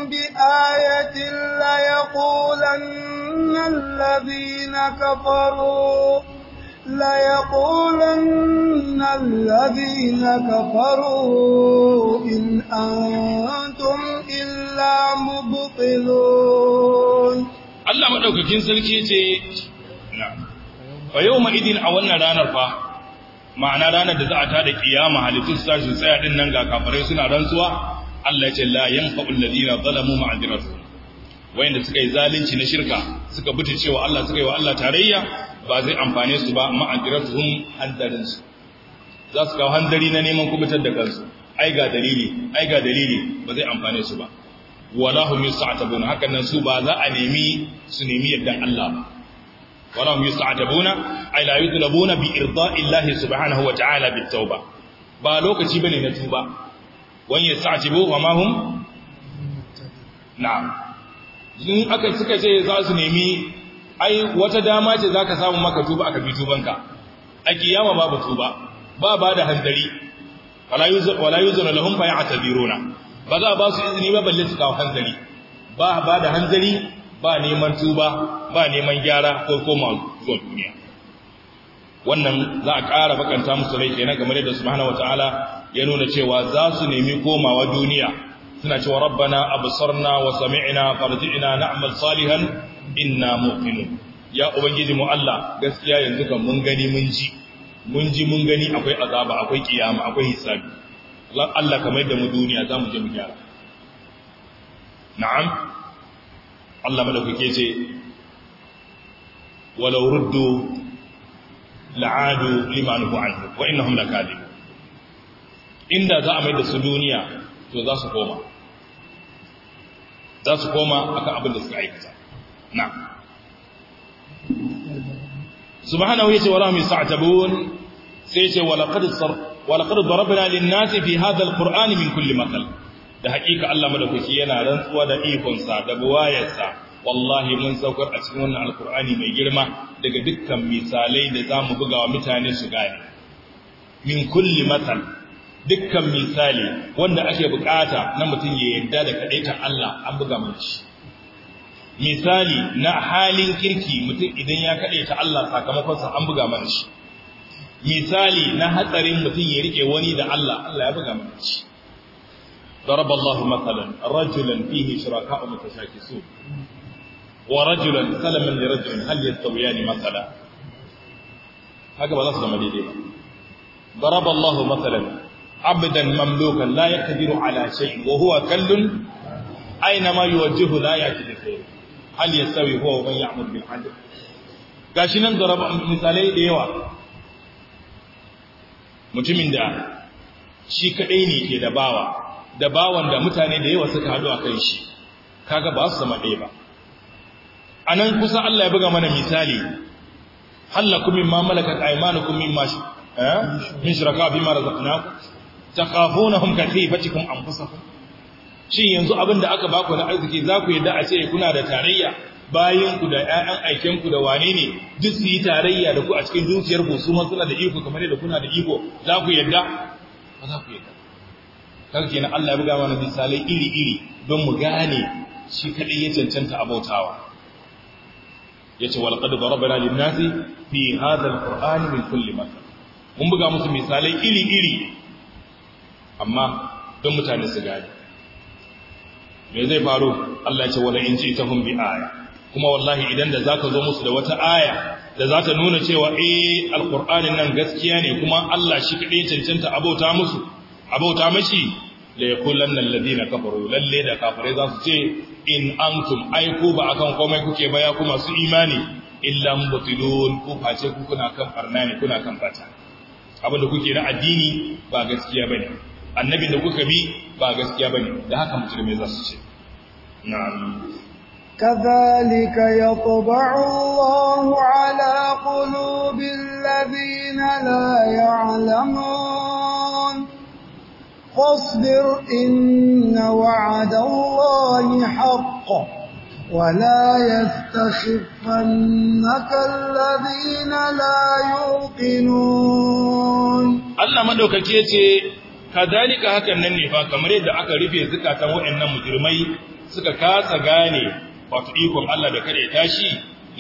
بآية ليقولن الذين كفروا ليقولن الذين كفروا إن أنتم إلا مبطلون الله مدوكاكين سلكي ce fa yau ma'idin a wannan ranar fa ma'ana ranar da za a da kiyama halittun su tashi tsaya din nan ga kafirai suna rantsuwa Allah ya ce la yanfa'u alladhina zalamu ma'adiratuhum wayanda suka yi zalunci na shirka suka buta cewa Allah suka yi wa Allah tarayya ba zai amfane su ba ma'adiratuhum hanzarin su za su kawo hanzari na neman kubutar da kansu ai ga dalili ai ga dalili ba zai amfane su ba wala hum yusta'tabun hakan nan su ba za a nemi su nemi yadda Allah ba wala hum yusta'tabuna ay la yutlabuna bi irda'i Allah subhanahu wa ta'ala bit tauba ba lokaci bane na tuba wani yasta'tibu wa ma hum na'am in aka suka ce za su nemi ai wata dama ce zaka samu maka tuba aka bi tubanka a kiyama babu tuba ba ba da hanzari wala yuzra lahum fa ya'tabiruna ba za ba su izini ba balle su kawo hanzari ba ba da hanzari ba neman tuba ba neman gyara ko koma zuwa duniya wannan za a ƙara bakanta musu rai kenan game da subhanahu wataala ya nuna cewa za su nemi komawa duniya suna cewa rabbana absarna wa sami'na farji'na na'mal salihan inna mu'minu ya ubangiji mu Allah gaskiya yanzu kan mun gani mun ji mun ji mun gani akwai azaba akwai kiyama akwai hisabi Allah kamar da mu duniya za mu je mu gyara na'am Allah madaukake ce wala ruddu la'adu liman hu anhu wa innahum lakadib inda za a mai da su duniya to za su koma za su koma akan abin da suka aikata na subhanahu yace wala hum yasta'tabun sai yace walaqad sar walaqad darabna lin-nasi fi hadha al-qur'ani min kulli mathal da hakika Allah madaukaki yana rantsuwa da ikon sa da buwayarsa wallahi mun saukar a cikin wannan alkur'ani mai girma daga dukkan misalai da zamu buga wa mutane su gane min kulli matal dukkan misali wanda ake bukata na mutum ya yarda da kadaitan Allah an buga mana misali na halin kirki mutum idan ya kadaita Allah sakamakon sa an buga mana misali na hatsarin mutum ya rike wani da Allah Allah ya buga mana ضرب الله مثلا رجلا فيه شركاء متشاكسون ورجلا سلما لرجل هل يستويان مثلا هكذا نص مدينه ضرب الله مثلا عبدا مملوكا لا يقدر على شيء وهو كل اينما يوجهه لا ياتي بخير هل يستوي هو ومن يعمل بالعدل gashi nan daraba misalai da yawa mutumin da shi kadai ne ke da bawa da bawan da mutane da yawa suka haɗu a kan shi kaga ba su zama ɗaya ba a nan kusa Allah ya buga mana misali hallakum mimma malakat aymanukum mimma eh? min shiraka bima razaqnakum takhafunahum katifatikum anfusakum shin yanzu abin da aka baku na arziki za ku yadda a ce kuna da tarayya bayan ku da ƴaƴan aikin ku da wane ne duk su yi tarayya da ku a cikin dukiyar ku su ma suna da iko kamar yadda kuna da iko za ku yadda ba za ku yadda karke na Allah ya buga mana misalai iri-iri don mu gane shi kaɗai ya cancanta abautawa ya ce walƙad barabana linnasi fi hadal qur'ani min kulli mathal mun buga musu misalai iri-iri amma don mutane su gane me zai faru Allah ya ce wala in ji tahum bi aya kuma wallahi idan da za ka zo musu da wata aya da za ta nuna cewa eh alqur'anin nan gaskiya ne kuma Allah shi kadai cancanta abota musu abauta mashi la yaqulanna alladhina kafaru lalle da kafare za su ce in antum aiku ba akan komai kuke ba ya kuma su imani illa mubtilun ku face ku kuna kan farna ne kuna kan fata abin da kuke na addini ba gaskiya bane annabin da kuka bi ba gaskiya bane da haka musulmai za su ce na'am كذلك يطبع الله على قلوب الذين لا يعلمون فاصبر إن وعد الله حق ولا يستخفنك الذين لا يوقنون الله مدوكاكي yace kadalika hakan nan ne fa kamar yadda aka rufe zukatan waɗannan mujrimai suka kasa gane wato ikon Allah da kare tashi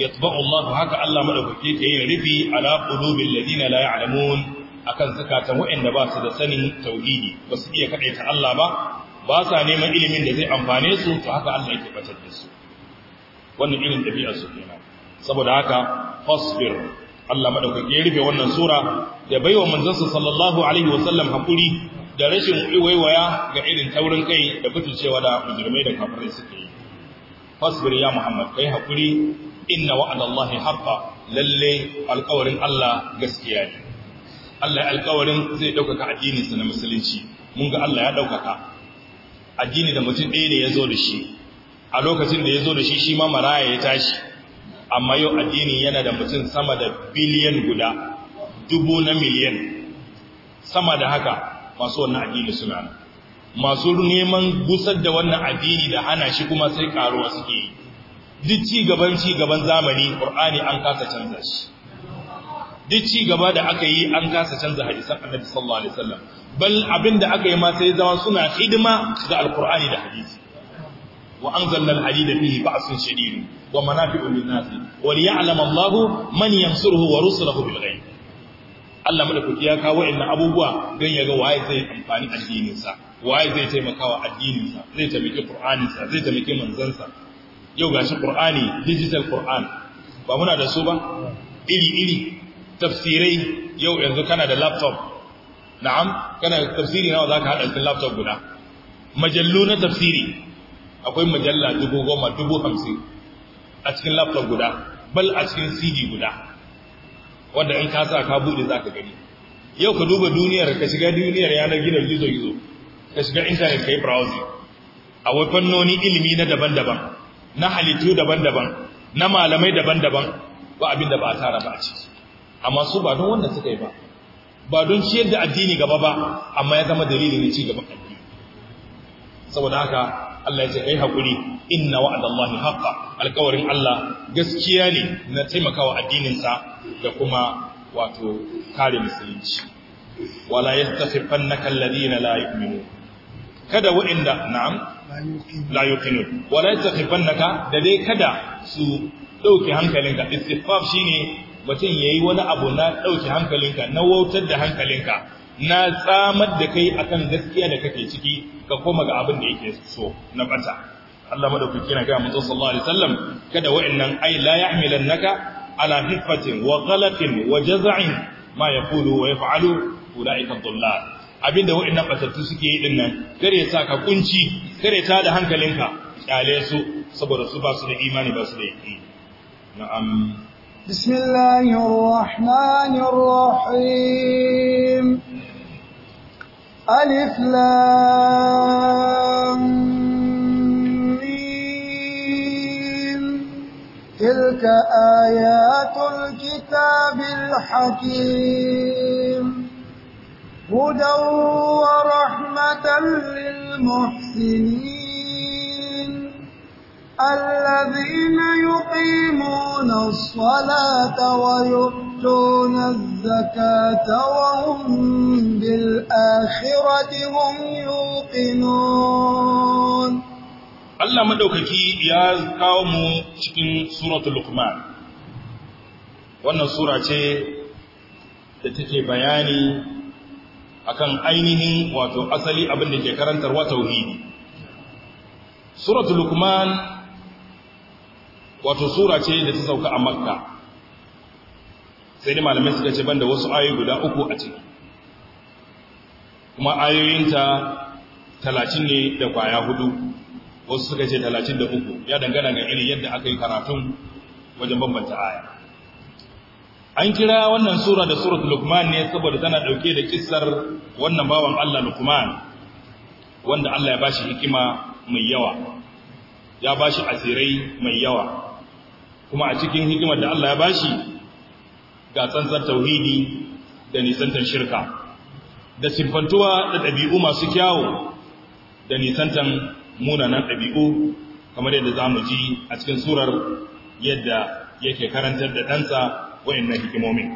yatba'u Allah haka Allah madaukake yake yin rufi ala qulubil ladina la ya'lamun akan zukatan waɗanda ba su da sanin tauhidi ba su iya kaɗaita Allah ba ba sa neman ilimin da zai amfane su to haka Allah yake batar da su wannan irin dabi'a su kenan saboda haka fasbir Allah madaukake ya rufe wannan sura da baiwa manzansa sallallahu alaihi wa sallam hakuri da rashin waiwaya ga irin taurin kai da fitucewa da mujrimai da kafirai suke yi fasbir ya Muhammad kai hakuri inna wa'adallahi haqqan lalle alƙawarin Allah gaskiya ne Allah ya alkawarin zai ɗaukaka addininsa na musulunci mun ga Allah ya ɗaukaka addini da mutum ɗaya ne ya zo da shi a lokacin da ya zo da shi shi ma maraya ya tashi amma yau addini yana da mutum sama da biliyan guda dubu na miliyan sama da haka masu wannan addini suna masu neman gusar da wannan addini da hana shi kuma sai karuwa suke yi duk ci gaban ci gaban zamani ƙur'ani an kasa canza shi duk ci gaba da aka yi an kasa canza hadisan annabi sallallahu alaihi wasallam bal abinda aka yi ma sai zama suna hidima ga alqur'ani da hadisi wa anzalna alhadida fihi ba'sun shadid wa manafi'u lin-nas wa liya'lam Allahu man yansuruhu wa rusuluhu bil ghaib Allah madaukaki ya kawo inna abubuwa don ya ga waye zai amfani addinin sa waye zai taimakawa addinin sa zai taimaki qur'anin sa zai taimaki manzon sa yau gashi qur'ani digital qur'an ba muna da su ba iri iri tafsirai yau yanzu kana da laptop na'am kana da tafsiri nawa zaka hada cikin laptop guda majallu na tafsiri akwai majalla dubu goma dubu hamsin a cikin laptop guda bal a cikin cd guda wanda in ka sa ka buɗe za ka gani yau ka duba duniyar ka shiga duniyar yanar gidan gizo gizo ka shiga intanet ka yi browsing a fannoni ilimi na daban-daban na halittu daban-daban na malamai daban-daban ba abin da ba a tara ba a ciki amma su ba don wannan suka yi ba ba don ciyar da addini gaba ba amma ya zama dalilin ci gaba addini saboda haka Allah ya ce kai hakuri inna wa'adallahi haqqan alƙawarin Allah gaskiya ne na taimakawa addinin sa da kuma wato kare musulunci wala yastakhiffannaka alladhina la yu'minun kada wa'inda na'am la yuqinun wala yastakhiffannaka da dai kada su dauke hankalinka istifaf shine mutum yi wani abu na ɗauke hankalinka na wautar da hankalinka na tsamar da kai akan gaskiya da kake ciki ka koma ga abin da yake so na ɓata. Allah madaukaki yana ga manzo sallallahu alaihi wasallam kada wa'annan ai la yahmilannaka ala hifatin wa ghalatin wa jaz'in ma yaqulu wa yaf'alu ulaika dhullal abinda wa'annan batattu suke yi dinnan kare sa ka kunci kare ta da hankalinka kyale su saboda su ba su da imani ba su da yaqini na'am بسم الله الرحمن الرحيم ألف لام تلك آيات الكتاب الحكيم هدى ورحمة للمحسنين الذين يقيمون الصلاة ويؤتون الزكاة وهم بالآخرة هم يوقنون Allah madaukaki ya kawo mu cikin suratul Luqman wannan sura ce da take bayani akan ainihi wato asali abin da ke karantar wa tauhidi suratul Luqman wato sura ce da ta sauka a makka sai da malamai suka ce banda wasu ayoyi guda uku a ciki kuma ayoyinta talatin ne da kwaya hudu wasu suka ce talatin da uku ya dangana ga irin yadda aka yi karatun wajen bambanta aya an kira wannan sura da surat lukman ne saboda tana ɗauke da kisar wannan bawan allah lukman wanda allah ya bashi hikima mai yawa ya bashi asirai mai yawa kuma a cikin hikimar da Allah ya shi ga tsantsar tauhidi da nisantar shirka da siffantuwa da ɗabi'u masu kyawo, da nisantar munanan ɗabi'u kamar yadda za mu ji a cikin surar yadda yake karantar da ɗansa na hikimomi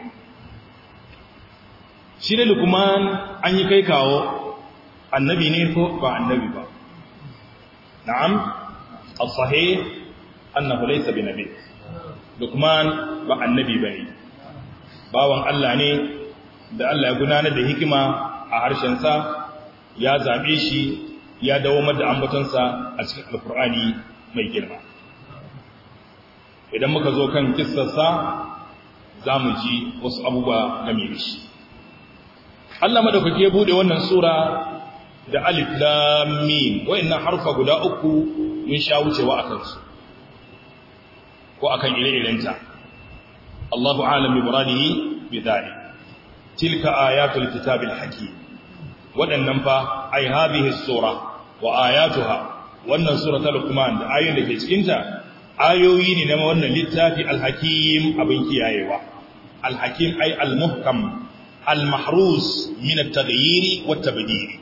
shi ne lukuman an yi kai kawo annabi ne ko ba annabi ba na'am al al-sahe annahu laysa bi nabiy Lukman ba annabi bane, ne, bawan Allah ne da Allah ya gudanar da hikima a harshen sa ya zaɓe shi ya dawo da ambatonsa a cikin alfur'ani mai girma. Idan muka zo kan kissarsa za mu ji wasu abubuwa game da shi. Allah madaukake bude wannan sura da alif lam mim harfa guda uku mun sha wucewa a kansu. ko akan ire-irenta Allahu alam bi muradihi bi dhalik tilka ayatul kitabil hakim wadannan fa ai hadhihi sura wa ayatuha wannan sura ta Luqman da ayoyin da ke cikin ta ayoyi ne na wannan littafi al-hakim abin kiyayewa al-hakim ai al-muhkam al-mahruz min at-taghyir wa tabdil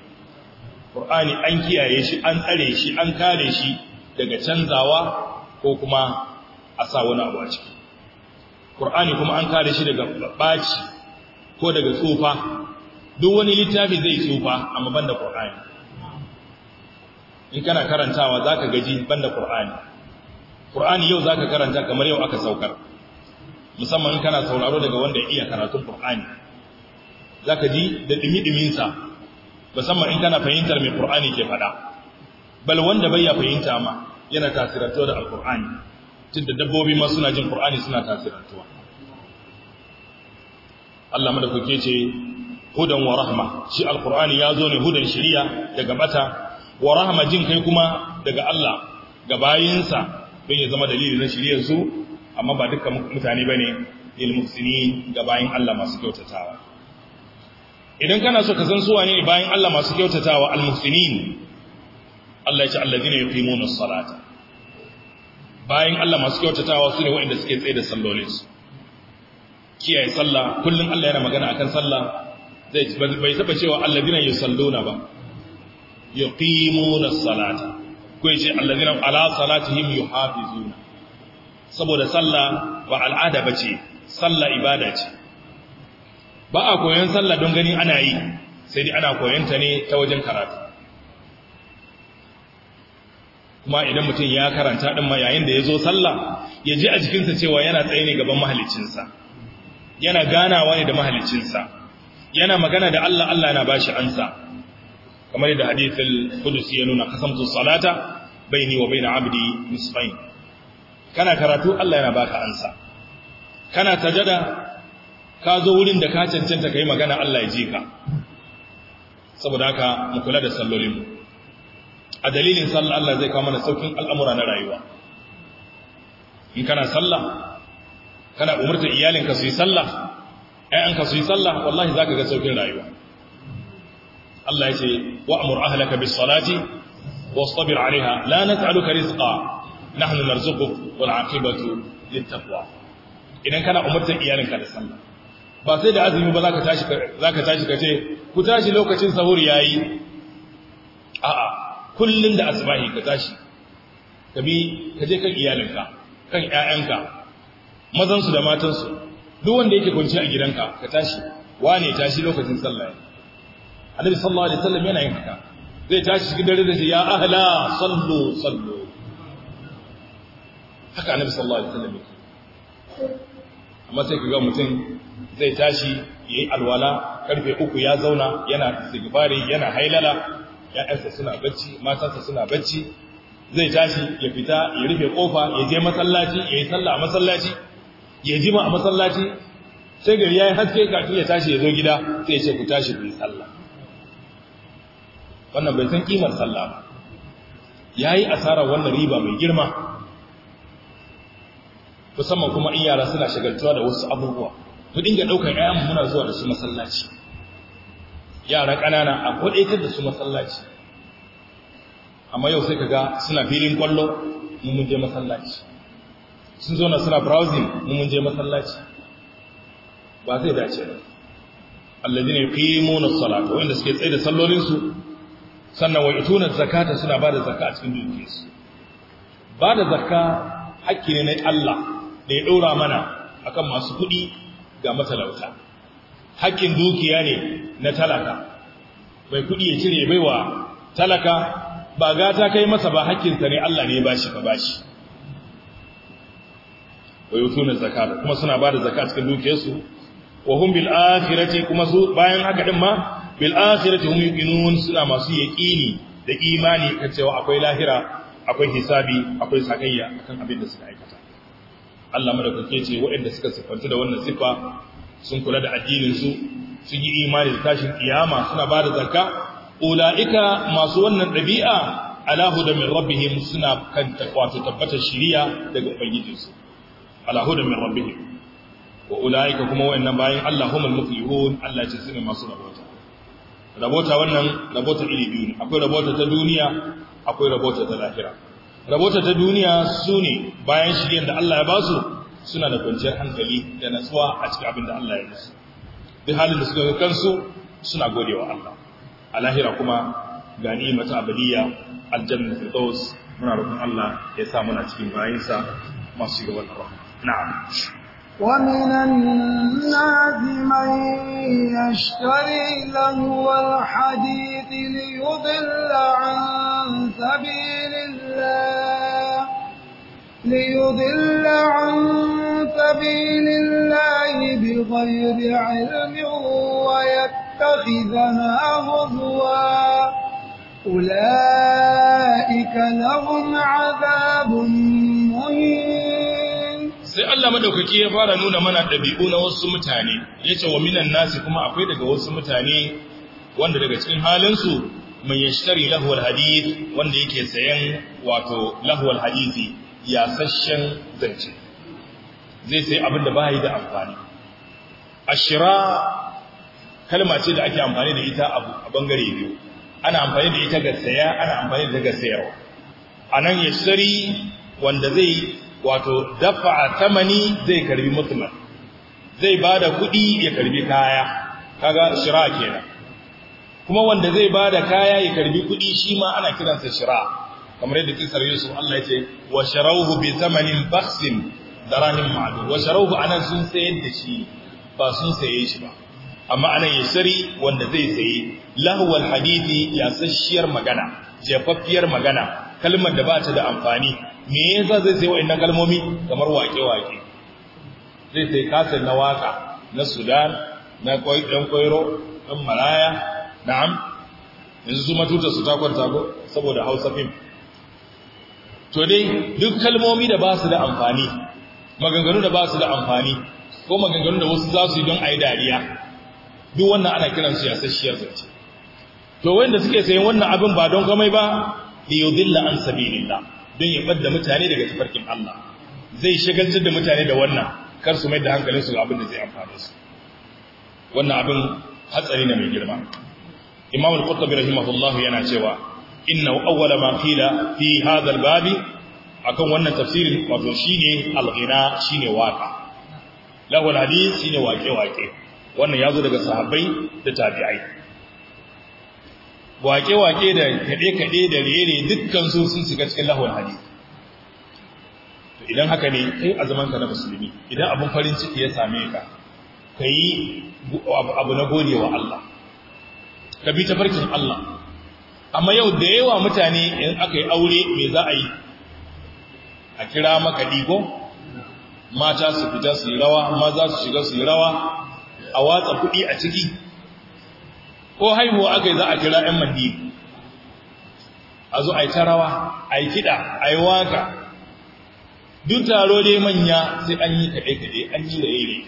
Qur'ani an kiyaye shi an tsare shi an kare shi daga canzawa ko kuma a sa wani abu a ciki Kur'ani kuma an kare shi daga baci ko daga tsufa duk wani littafi zai tsufa amma banda Kur'ani. in kana karantawa za ka gaji banda Kur'ani. Kur'ani yau za ka karanta kamar yau aka saukar musamman in kana sauraro daga wanda iya karatun Za ka ji da ɗimi-ɗiminsa musamman in kana fahimtar mai Kur'ani ke faɗa bal wanda bai ya fahimta ma yana tasirantuwa da Al-Qur'ani tunda dabbobi ma suna jin Qur'ani suna tafirantuwa Allah madaukake ce hudan wa rahma shi alqur'ani yazo ne hudan shiriya daga bata wa rahma jin kai kuma daga Allah ga bayinsa bai yi zama dalili na shiriyar su amma ba dukkan mutane bane ne, muhsinin ga bayin Allah masu kyautatawa idan kana so ka san su wane ne bayin Allah masu kyautatawa al muhsinin Allah ya ce allazina yuqimuna as-salata bayan Allah masu kyautatawa su ne waɗanda suke tsaye da su. kiyaye sallah kullum Allah yana magana akan sallah zai bai saba cewa alladina yusalluna ba yuqimuna salata ko yace alladina ala salatihim yuhafizuna saboda sallah ba al'ada bace sallah ibada ce ba a koyon sallah don gani ana yi sai dai ana koyon ta ne ta wajen karatu kuma idan mutum ya karanta ɗin ma yayin da ya zo sallah ya ji a jikinsa cewa yana tsaye ne gaban mahalicinsa yana ganawa ne da mahalicinsa yana magana da Allah Allah yana bashi ansa kamar da hadithul qudusi ya nuna qasamtu salata baini wa baina abdi nisfain kana karatu Allah yana baka ansa kana tajada ka zo wurin da ka cancanta kai magana Allah ya ji ka saboda haka mu kula da sallolin a dalilin sallah Allah zai kawo mana saukin al'amura na rayuwa in kana sallah kana umurta iyalinka su yi sallah ‘ya'yanka su yi sallah wallahi za ka ga saukin rayuwa Allah ya ce wa'amur ahalaka bis salati wastabir alaiha la nas'aluka rizqa nahnu narzuquk wal aqibatu littaqwa idan kana umurtar iyalinka da sallah ba sai da azumi ba zaka tashi zaka tashi kace ku tashi lokacin sahur yayi a'a kullum da asibahi ka tashi ka bi ka je kan iyalinka kan ƴaƴanka mazansu da matansu duk wanda yake kwanci a gidanka ka tashi wane tashi lokacin sallah annabi sallallahu alaihi wasallam yana yin haka zai tashi cikin dare da ya ahla sallu sallu haka annabi sallallahu alaihi wasallam yake amma sai kaga mutum zai tashi yayi alwala karfe uku ya zauna yana istighfari yana hailala ya'yansa suna bacci matansa suna bacci zai tashi ya fita ya rufe kofa ya je masallaci ya yi sallah a masallaci ya jima a masallaci sai gari ya yi haske kafin ya tashi ya zo gida sai ya ce ku tashi ku yi sallah wannan bai san kimar sallah ba ya yi asarar wannan riba mai girma musamman kuma in yara suna shagaltuwa da wasu abubuwa mu dinga ɗaukar 'ya'yan muna zuwa da su masallaci yara ƙanana a kwadaitar da su masallaci amma yau sai kaga suna filin kwallo mun je masallaci sun zo na suna browsing mun je masallaci ba zai dace ba alladine fi as-salata wanda suke tsaye da sallolin su sannan wa yutuna zakata suna ba da zakka a cikin dukiyarsu ba da zakka hakki ne na Allah da ya ɗora mana akan masu kuɗi ga matalauta hakkin dukiya ne na talaka bai kudi ya cire bai wa talaka ba gata kai masa ba haƙƙinsa ne Allah ne ya bashi ka bashi wai yutuna zakata kuma suna ba da cikin dukiyarsu wa hum bil akhirati kuma su bayan haka din ma bil akhirati hum yuqinun suna masu yaqini da imani kan cewa akwai lahira akwai hisabi akwai sakayya akan abin da suka aikata Allah madaukake ce waɗanda suka sifanta da wannan sifa sun kula da addininsu sun yi imani da tashin kiyama suna ba da zakka ula'ika masu wannan ɗabi'a alahu da min rabbihim suna kan wato tabbatar shiriya daga ubangijinsu Alahu da min rabbihim wa ula'ika kuma wayannan bayan Allah humul muflihun Allah ce sune masu rabota rabota wannan rabota iri biyu ne akwai rabota ta duniya akwai rabota ta lahira rabota ta duniya sune bayan shiriyan da Allah ya basu suna da kwanciyar hankali da natsuwa a cikin abin da Allah ya musu duk halin da suka ga kansu suna godewa Allah a lahira kuma ga ni'imatu abadiyya aljanna firdaus muna roƙon Allah ya sa muna cikin bayansa masu shiga wannan rahama na'am ومن الناس من يشتري لهو الحديث ليضل عن سبيل الله ليضل عن سبيل الله بغير علم ويتخذها هزوا أولئك لهم عذاب مهين sai Allah madaukaki ya fara nuna mana ɗabi'u na wasu mutane yace wa minan nasi kuma akwai daga wasu mutane wanda daga cikin halinsu mai yashtari lahwal hadith wanda yake sayan wato lahwal hadithi yasashen zance zai sai abin da ba yi da amfani ashira kalma ce da ake amfani da ita a bangare biyu ana amfani da ita ga saya ana amfani da ita ga sayarwa nan ya shari wanda zai wato dafa tamani zai karbi mutumar zai ba da kuɗi ya karbi kaya kaga shira kenan kuma wanda zai ba da kaya ya karbi kuɗi shi ma ana kiransa shira kamar yadda kisar Yusuf Allah ya ce wa sharawhu bi thamanin bakhsin darahim ma'dud wa sharauhu anan sun sayar da shi ba sun saye shi ba amma anan ya shari wanda zai saye lahwal hadithi ya sashiyar magana jefaffiyar magana kalmar da ba ta da amfani me yasa zai saye wa'annan kalmomi kamar wake-wake zai sai kasar na waka na Sudan na dan kwairo malaya, na na'am yanzu su matuta su takwar tago saboda Hausa fim to dai duk kalmomi da ba su da amfani maganganu da ba su da amfani ko maganganu da wasu za su yi don a yi dariya duk wannan ana kiransu yasasshiyar zance to wanda suke sayan wannan abin ba don komai ba liyudilla an sabilillah don ya bada mutane daga tafarkin Allah zai shagaltar da mutane da wannan kar su mai da hankalin su ga abin da zai amfane su wannan abin hatsari ne mai girma imam al-qurtubi rahimahullah yana cewa inna awwala ma qila fi hadha al akan wannan tafsirin wato shine al shine waka lahu al shine wake wake wannan yazo daga sahabbai da tabi'ai wake wake da kade kade da rere dukkan su sun shiga cikin lahu al to idan haka ne kai azaman ka na musulmi idan abun farin ciki ya same ka kai abu na wa Allah ka bi tafarkin Allah amma yau da yawa mutane in aka yi aure mai za a yi a kira makaɗi ko mata su fita su yi rawa maza su shiga su yi rawa a watsa kuɗi a ciki ko haihuwa aka yi za a kira 'yan mandi a zo a yi ta rawa a yi kiɗa a yi waka duk taro dai manya sai an yi kaɗe-kaɗe an yi yi ne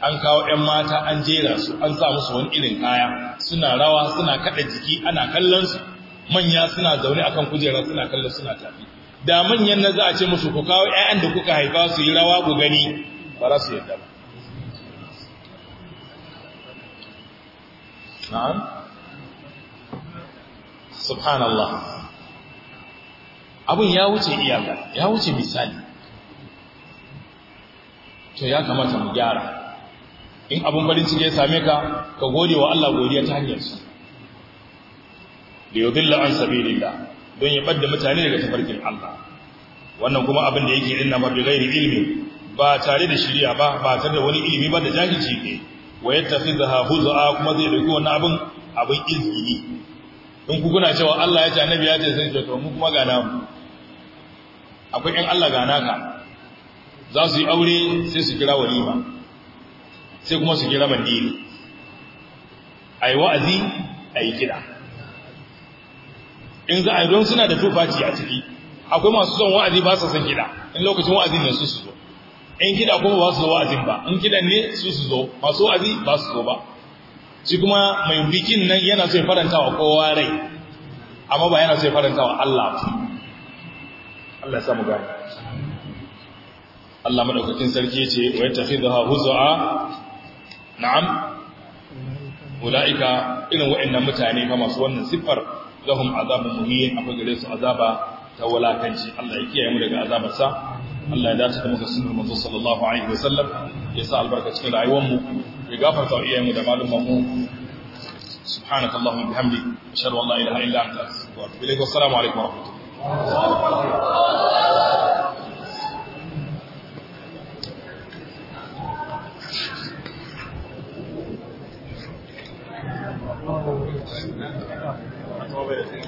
an kawo 'yan mata an jera su an sa musu wani irin kaya suna rawa suna kada jiki ana kallon su manya suna zaune akan kujera suna kallon suna tafi da manyan na za a ce musu ku kawo 'ya'yan da kuka haifa su yi rawa ku gani ba za su yadda ba na'am subhanallah abin ya wuce iyaka ya wuce misali to ya kamata mu gyara in abin farin ciki ya same ka ka gode wa Allah godiya ta hanyar su da yudilla an sabilillah don ya badda mutane daga tafarkin Allah wannan kuma abin da yake inna ma bi ghairi ilmi ba tare da shiriya ba ba tare da wani ilimi ba da jahilci ne wa yattakhidha huz'a kuma zai dauki wannan abin abin izini in ku kuna cewa Allah ya ce annabi ya ce sai to mu kuma ga namu akwai ɗan Allah ga naka za su yi aure sai su kira walima sai kuma su kira mandiri a yi wa'azi a yi kiɗa in za a yi don suna da tufaci a ciki akwai masu son wa'azi ba su san kiɗa in lokacin wa'azin ne su su zo in kiɗa kuma ba su zo wa'azin ba in kiɗan ne su su zo masu wa'azi ba su zo ba shi kuma mai bikin nan yana so ya faranta wa kowa rai amma ba yana so ya faranta wa Allah ba Allah samu gani Allah madaukakin sarki ce wa ya tafi da a. na'am ulaika irin wa'annan mutane fa masu wannan siffar lahum azabun muhin akwai gare su azaba ta walakanci Allah ya kiyaye mu daga azabarsa Allah ya dace da muka sunnar manzo sallallahu alaihi wasallam ya sa albarka cikin rayuwar mu ya gafarta wa iyayen mu da malumman mu سبحانك اللهم وبحمدك اشهد ان لا اله الا انت استغفرك واتوب اليك والسلام عليكم ورحمه الله of it.